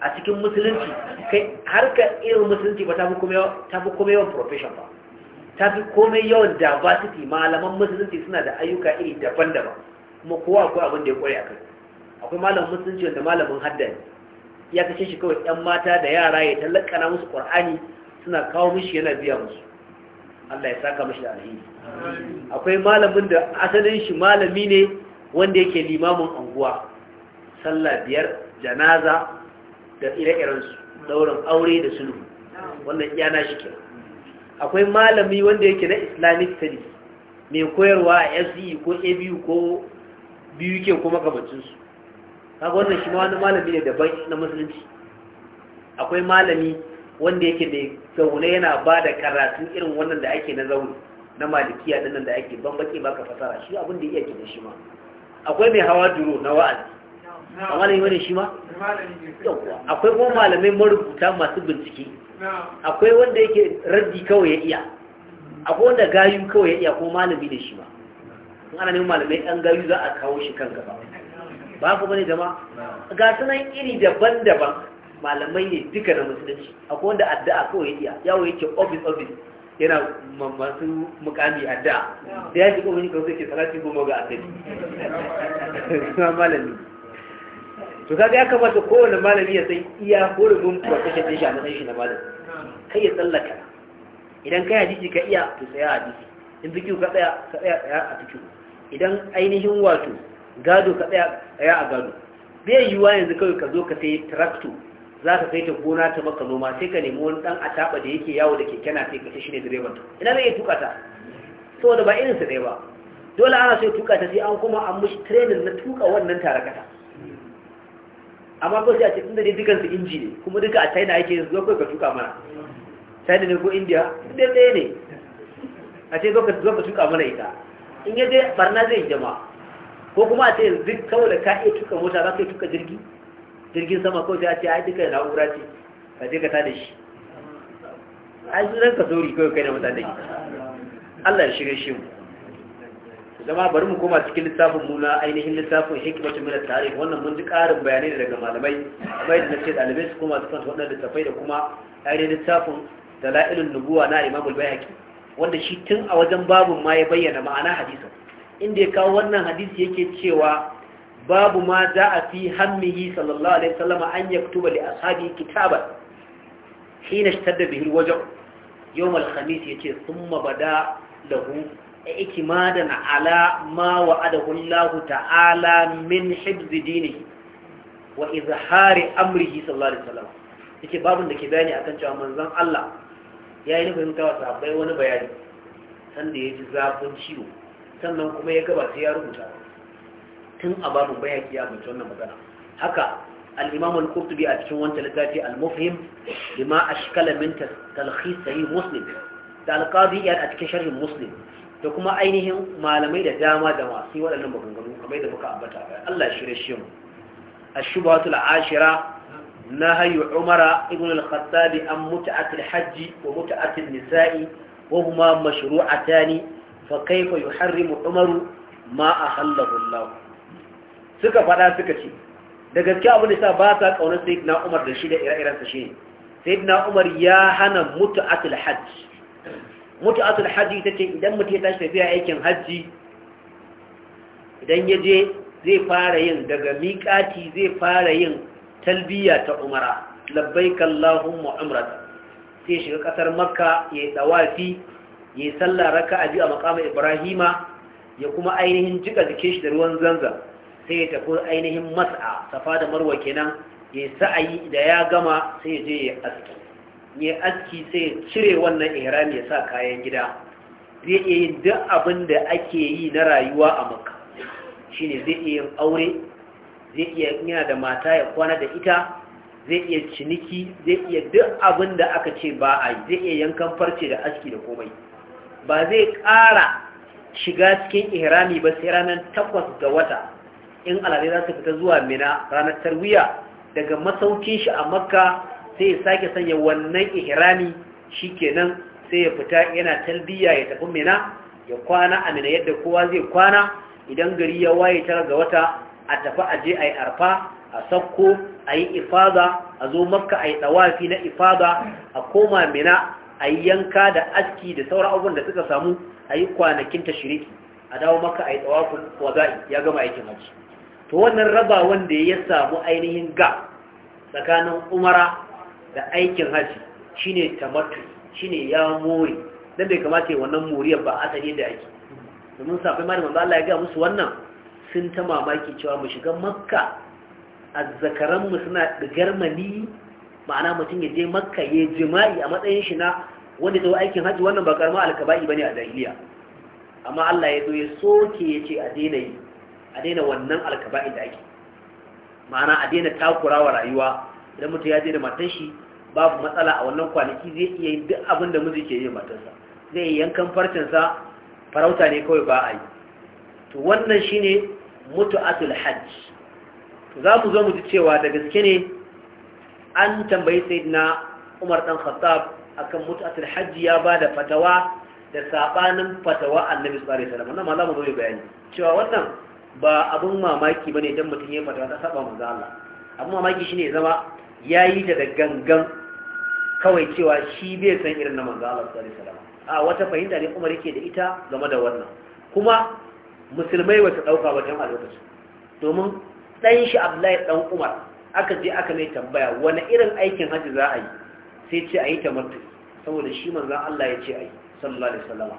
a cikin musulunci kai ka irin musulunci ba ta fi kome yawan profession ba ta fi kome yawan diversity malaman musulunci suna da ayyuka iri daban-daban kuma kowa akwai abin da ya kware akai akwai malamin musulunci da malamin haddani. ya kashe shi kawai yan mata da yara ya tallakana musu qur'ani suna kawo mishi yana biya musu Allah ya saka mishi da alheri akwai malamin da asalin shi malami ne wanda yake limamin anguwa sallah biyar janaza da ire-iren su dauran aure da sulhu wannan yana shi kenan akwai malami wanda yake na islamic studies mai koyarwa a fce ko abu ko biyu ke kuma gabancinsu kaga wannan shi ma wani malami ne daban na musulunci akwai malami wanda yake da zaune yana ba da karatu irin wannan da ake na zaune na malikiya nan da ake bambaki baka fasara shi abin da iya ke da shi ma akwai mai hawa duro na wa'azi a malami wani shi ma? akwai kuma malamai marubuta masu bincike akwai wanda yake raddi kawai ya iya akwai wanda gayu kawai ya iya ko malami da shi ma in ana neman malamai ɗan gari za a kawo shi kan gaba ba ku bane jama ga sunan iri daban-daban malamai ne duka na musulunci akwai wanda addu'a kawai iya yawo yake ofis office yana masu mukami addu'a da ya shiga wani kawai ke salati goma ga asali suna malami to kaga ya kamata kowane malami ya san iya hurumin profession din shi a matsayin shi na malami kai ya tsallaka idan kai hadisi ka iya to tsaya hadisi in fikiyu ka tsaya ka tsaya a fikiyu idan ainihin wato gado ka tsaya a gado bai yiwuwa yanzu kawai ka zo ka sai trakto za ka kai ta gona ta maka noma sai ka nemi wani dan ataba da yake yawo da kekena sai ka shi ne direban ta ina zai tuka ta saboda ba irin sa dai ba dole ana so ya tuka ta sai an kuma an mushi training na tuka wannan tarakata amma ko sai a ce da dai dukan su inji ne kuma duka a China yake yanzu kai ka tuka mana China ne ko India dai dai ne a ce zo ka tuka mana ita in ya je barna zai jama'a ko kuma a ce yanzu kawai da ka iya tuka mota za ka iya tuka jirgi jirgin sama ko sai a ce ai duka wura ce ka je ka tada shi ai sunan ka sauri kawai kai na mutane ki Allah ya shirye shi mu zama bari mu koma cikin littafin muna ainihin littafin hikimatu min at tarihi wannan mun ji karin bayanai daga malamai bai da ce dalibai su koma su kanta wannan littafai da kuma ainihin littafin dalailun nubuwa na imamul bayaki wanda shi tun a wajen babu ma ya bayyana ma'ana hadisin inda ya kawo wannan hadisi yake cewa babu ma za a fi hammihi sallallahu alaihi wasallam an yaktuba li ashabi kitaban hina shtadda bihi wajen. yawm alkhamis yace thumma bada lahu ikimadan ala ma wa'adahu Allah ta'ala min hibz wa izhari amrihi sallallahu alaihi wasallam yake babun da ke bayani akan cewa manzon Allah ya yi nufin tawa sabai wani bayani sanda ya ji zafin ciwo sannan kuma ya gaba sai ya rubuta tun a babin bayaki ya mace wannan magana haka al-imam al a cikin wancan littafi al-mufhim bima ashkala min talkhis sahih muslim da al-qadi a cikin sharhin muslim da kuma ainihin malamai da dama da masu waɗannan maganganu kamar da muka ambata Allah shirye shi mu ash ashira نهي عمر ابن الخطاب عن متعة الحج ومتعة النساء وهما مشروعتان فكيف يحرم عمر ما أحله الله suka faɗa suka ce da abin da sa ba ta kaunar sayyidina Umar da shi da ira ira-iran sa shi sayyidina Umar ya hana mutu'atul hajj mutu'atul hajj ita ce idan mutum ya tashi tafiya aikin hajji idan ya je zai fara yin daga miƙati zai fara yin talbiya ta umara labbaik Allahumma umrat sai shiga ƙasar makka ya yi dawafi ya yi sallah raka biyu a maqam ibrahima ya kuma ainihin jika jikin shi da ruwan zanza sai ya tafi ainihin mas'a safa da marwa kenan ya yi sa'ayi da ya gama sai ya je ya aski ya aski sai ya cire wannan ihram ya sa kayan gida zai iya yin duk abin da ake yi na rayuwa a makka shine zai iya yin aure zai iya yana da mata ya kwana da ita zai iya ciniki zai iya duk abin da aka ce ba a yi zai iya yankan farce da aski da komai ba zai ƙara shiga cikin ihrami ba sai ranar takwas ga wata in alade za su fita zuwa mina ranar tarwiya daga masaukin shi a makka sai ya sake sanya wannan ihrami nan, sai ya fita yana talbiya ya tafi mina ya kwana a mina yadda kowa zai kwana idan gari ya waye tara ga wata a tafi a je a yi arfa a sauko a yi ifada a zo makka a yi tsawafi na ifada a koma mina a yi yanka da aski da sauran abubuwan da suka samu a yi kwanakin ta shiriki a dawo maka a yi tsawafin waza'i ya gama aikin hajji to wannan raba wanda ya samu ainihin ga tsakanin umara da aikin hajji shine tamattu shine ya more dan bai kamata ya wannan moriyar ba asali da ake domin safai malamin Allah ya ga musu wannan sun ta mamaki cewa mu shiga makka zakaranmu suna ɗigar mani ma'ana mutum ya je makka ya jima'i a matsayin shi na wanda ta aikin hajji wannan ba karama alkaba'i bane a jahiliya amma Allah ya zo ya soke ya ce a daina yi a daina wannan alkaba'i da ake ma'ana a daina takura wa rayuwa idan mutum ya je da matan shi babu matsala a wannan kwanaki zai iya yin duk abin da miji ke yi matarsa zai yankan farcinsa farauta ne kawai ba a yi to wannan shine mutu'atul hajj za mu zo mu ji cewa da gaske ne an tambayi sayyidina Umar dan Khattab akan mutu'atul hajj ya ba da fatawa da sabanin fatawa Annabi sallallahu alaihi wasallam nan ma za mu zo bayani cewa wannan ba abun mamaki bane idan mutum ya fatawa ta saba manzo Allah abun mamaki shine zama yayi daga gangan kawai cewa shi bai san irin na manzo Allah sallallahu alaihi wasallam a wata fahimta ne Umar yake da ita game da wannan kuma musulmai wata ɗauka wajen a domin ɗan shi abdullahi ɗan umar aka je aka mai tambaya wani irin aikin hajji za a yi sai ce a yi tamattu saboda shi manzan Allah ya ce a yi sallallahu alaihi sallama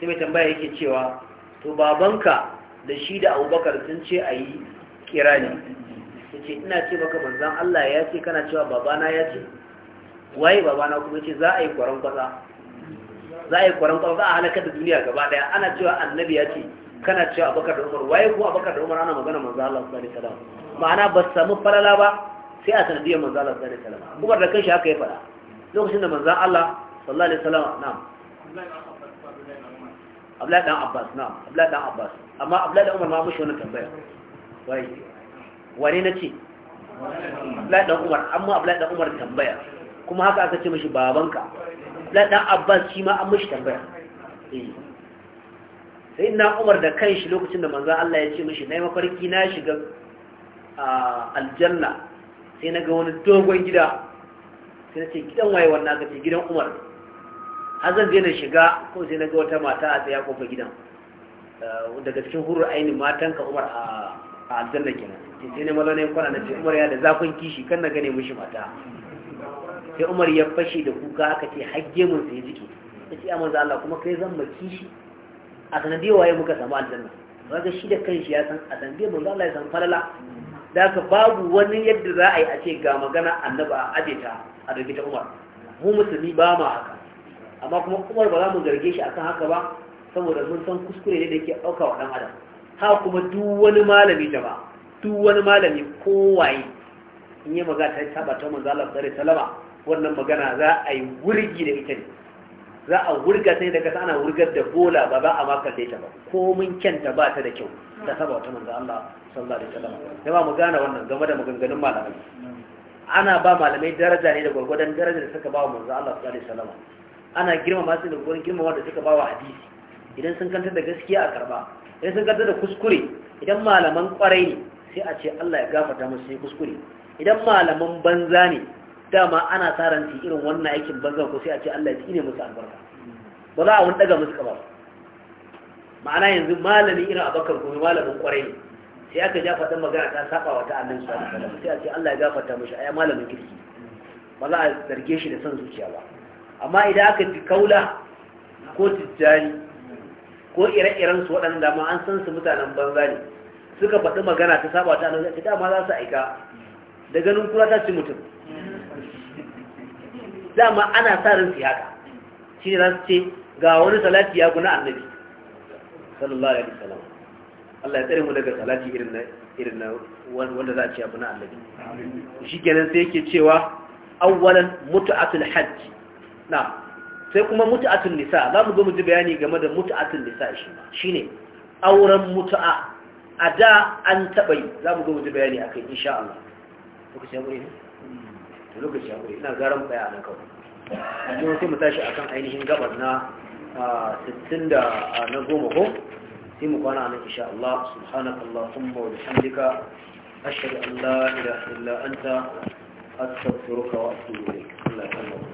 sai mai tambaya yake cewa to babanka da shi da abubakar sun ce a yi ne ya ce ina ce maka manzan Allah ya ce kana cewa babana ya ce waye babana kuma ce za a yi kwaron kwasa za a yi kwaron kwaza a halakar da duniya gaba daya ana cewa annabi ya ce kana cewa abakar da umar waye ko abakar da umar ana magana manzo Allah sallallahu alaihi wasallam ma'ana ba su samu falala ba sai a sanadiyar manzo Allah sallallahu alaihi wasallam umar da kanshi aka yi faɗa lokacin da manzo Allah sallallahu alaihi wasallam na'am Abdullahi dan Abbas na'am Abdullahi dan Abbas amma Abdullahi dan Umar ma mushi wannan tambaya wai wane nace Abdullahi dan Umar amma Abdullahi dan Umar tambaya kuma haka aka ce mishi babanka Abdullahi dan Abbas shi ma an mushi tambaya eh sai na umar da kanshi lokacin da manzan Allah ya ce mashi na yi mafarki na shiga aljanna sai na ga wani dogon gida sai na ce gidan waye wannan ga ce gidan umar har zan je na shiga ko sai na ga wata mata a tsaye kofa gidan daga cikin hurur aini matan ka umar a aljanna kenan sai ne malonai kwana na ce umar ya da zafin kishi kan na gane mishi mata sai umar ya fashe da kuka aka ce hagge mun sai jiki ya ce a manzo Allah kuma kai zan ma kishi? a sanadiyar waye muka samu aljanna ga shi da kanshi ya san a sanadiyar manzo Allah ya san falala da ka babu wani yadda za a yi a ce ga magana annaba a aje ta a dauki ta Umar mu musulmi ba ma haka amma kuma Umar ba za mu garge shi akan haka ba saboda mun san kuskure ne da yake ɗauka wa ɗan adam ha kuma duk wani malami da ba duk wani malami kowaye in yi magana ta taba ta manzo Allah sallallahu alaihi wasallam wannan magana za a yi wurgi da ita ne za a wurga sai da kasa ana wurgar da bola ba za a makarce ta ba komin kyanta ba ta da kyau ta saba wata manzo Allah sallallahu alaihi wasallam sai ba mu gane wannan game da maganganun malamai ana ba malamai daraja ne da gurgurdan daraja da suka ba wa manzo Allah sallallahu alaihi wasallam ana girma masu da gurgurdan girma wanda suka ba wa hadisi idan sun kantar da gaskiya a karba idan sun kantar da kuskure idan malaman kwarai ne sai a ce Allah ya gafarta musu sai kuskure idan malaman banza ne dama ana saranci su irin wannan aikin banza ko sai a ce Allah ya ne musu albarka ba za a wani daga musu kaba ma'ana yanzu malami irin abakar kuma malamin kwarai ne sai aka jafata magana ta saba wa ta'annan sallallahu alaihi wasallam sai a ce Allah ya gafarta mishi ai malamin kirki ba za a zarge shi da son zuciya ba amma idan aka ji kaula ko tijjani ko ire-iren su waɗanda ma an san su mutanen banza ne suka faɗi magana ta saba ta su ta dama za su aika da ganin kura ta ci mutum dama ana sa ran su haka shi ne za su ce ga wani salati ya guna annabi sallallahu alaihi wasallam Allah ya tsare mu daga salati irin na irin na wanda za a ce abu na annabi shi kenan sai yake cewa awwalan mutu'atul hajj na sai kuma mutu'atul nisa za mu zo mu ji bayani game da mutu'atul nisa shi ma shine auren mutu'a a da an taɓa yi za mu zo mu ji bayani akai insha Allah lokaci ya ne da lokacin yankuri ina garan baya a nan kawai a jiwon sai mu tashi akan ainihin gabar na 60 da na goma ko sai mu kwana nan isha Allah subhanaka allahumma wa bihamdika ashhadu ashirin allah ilaha illa anta astaghfiruka wa atubu ilayk Allah ya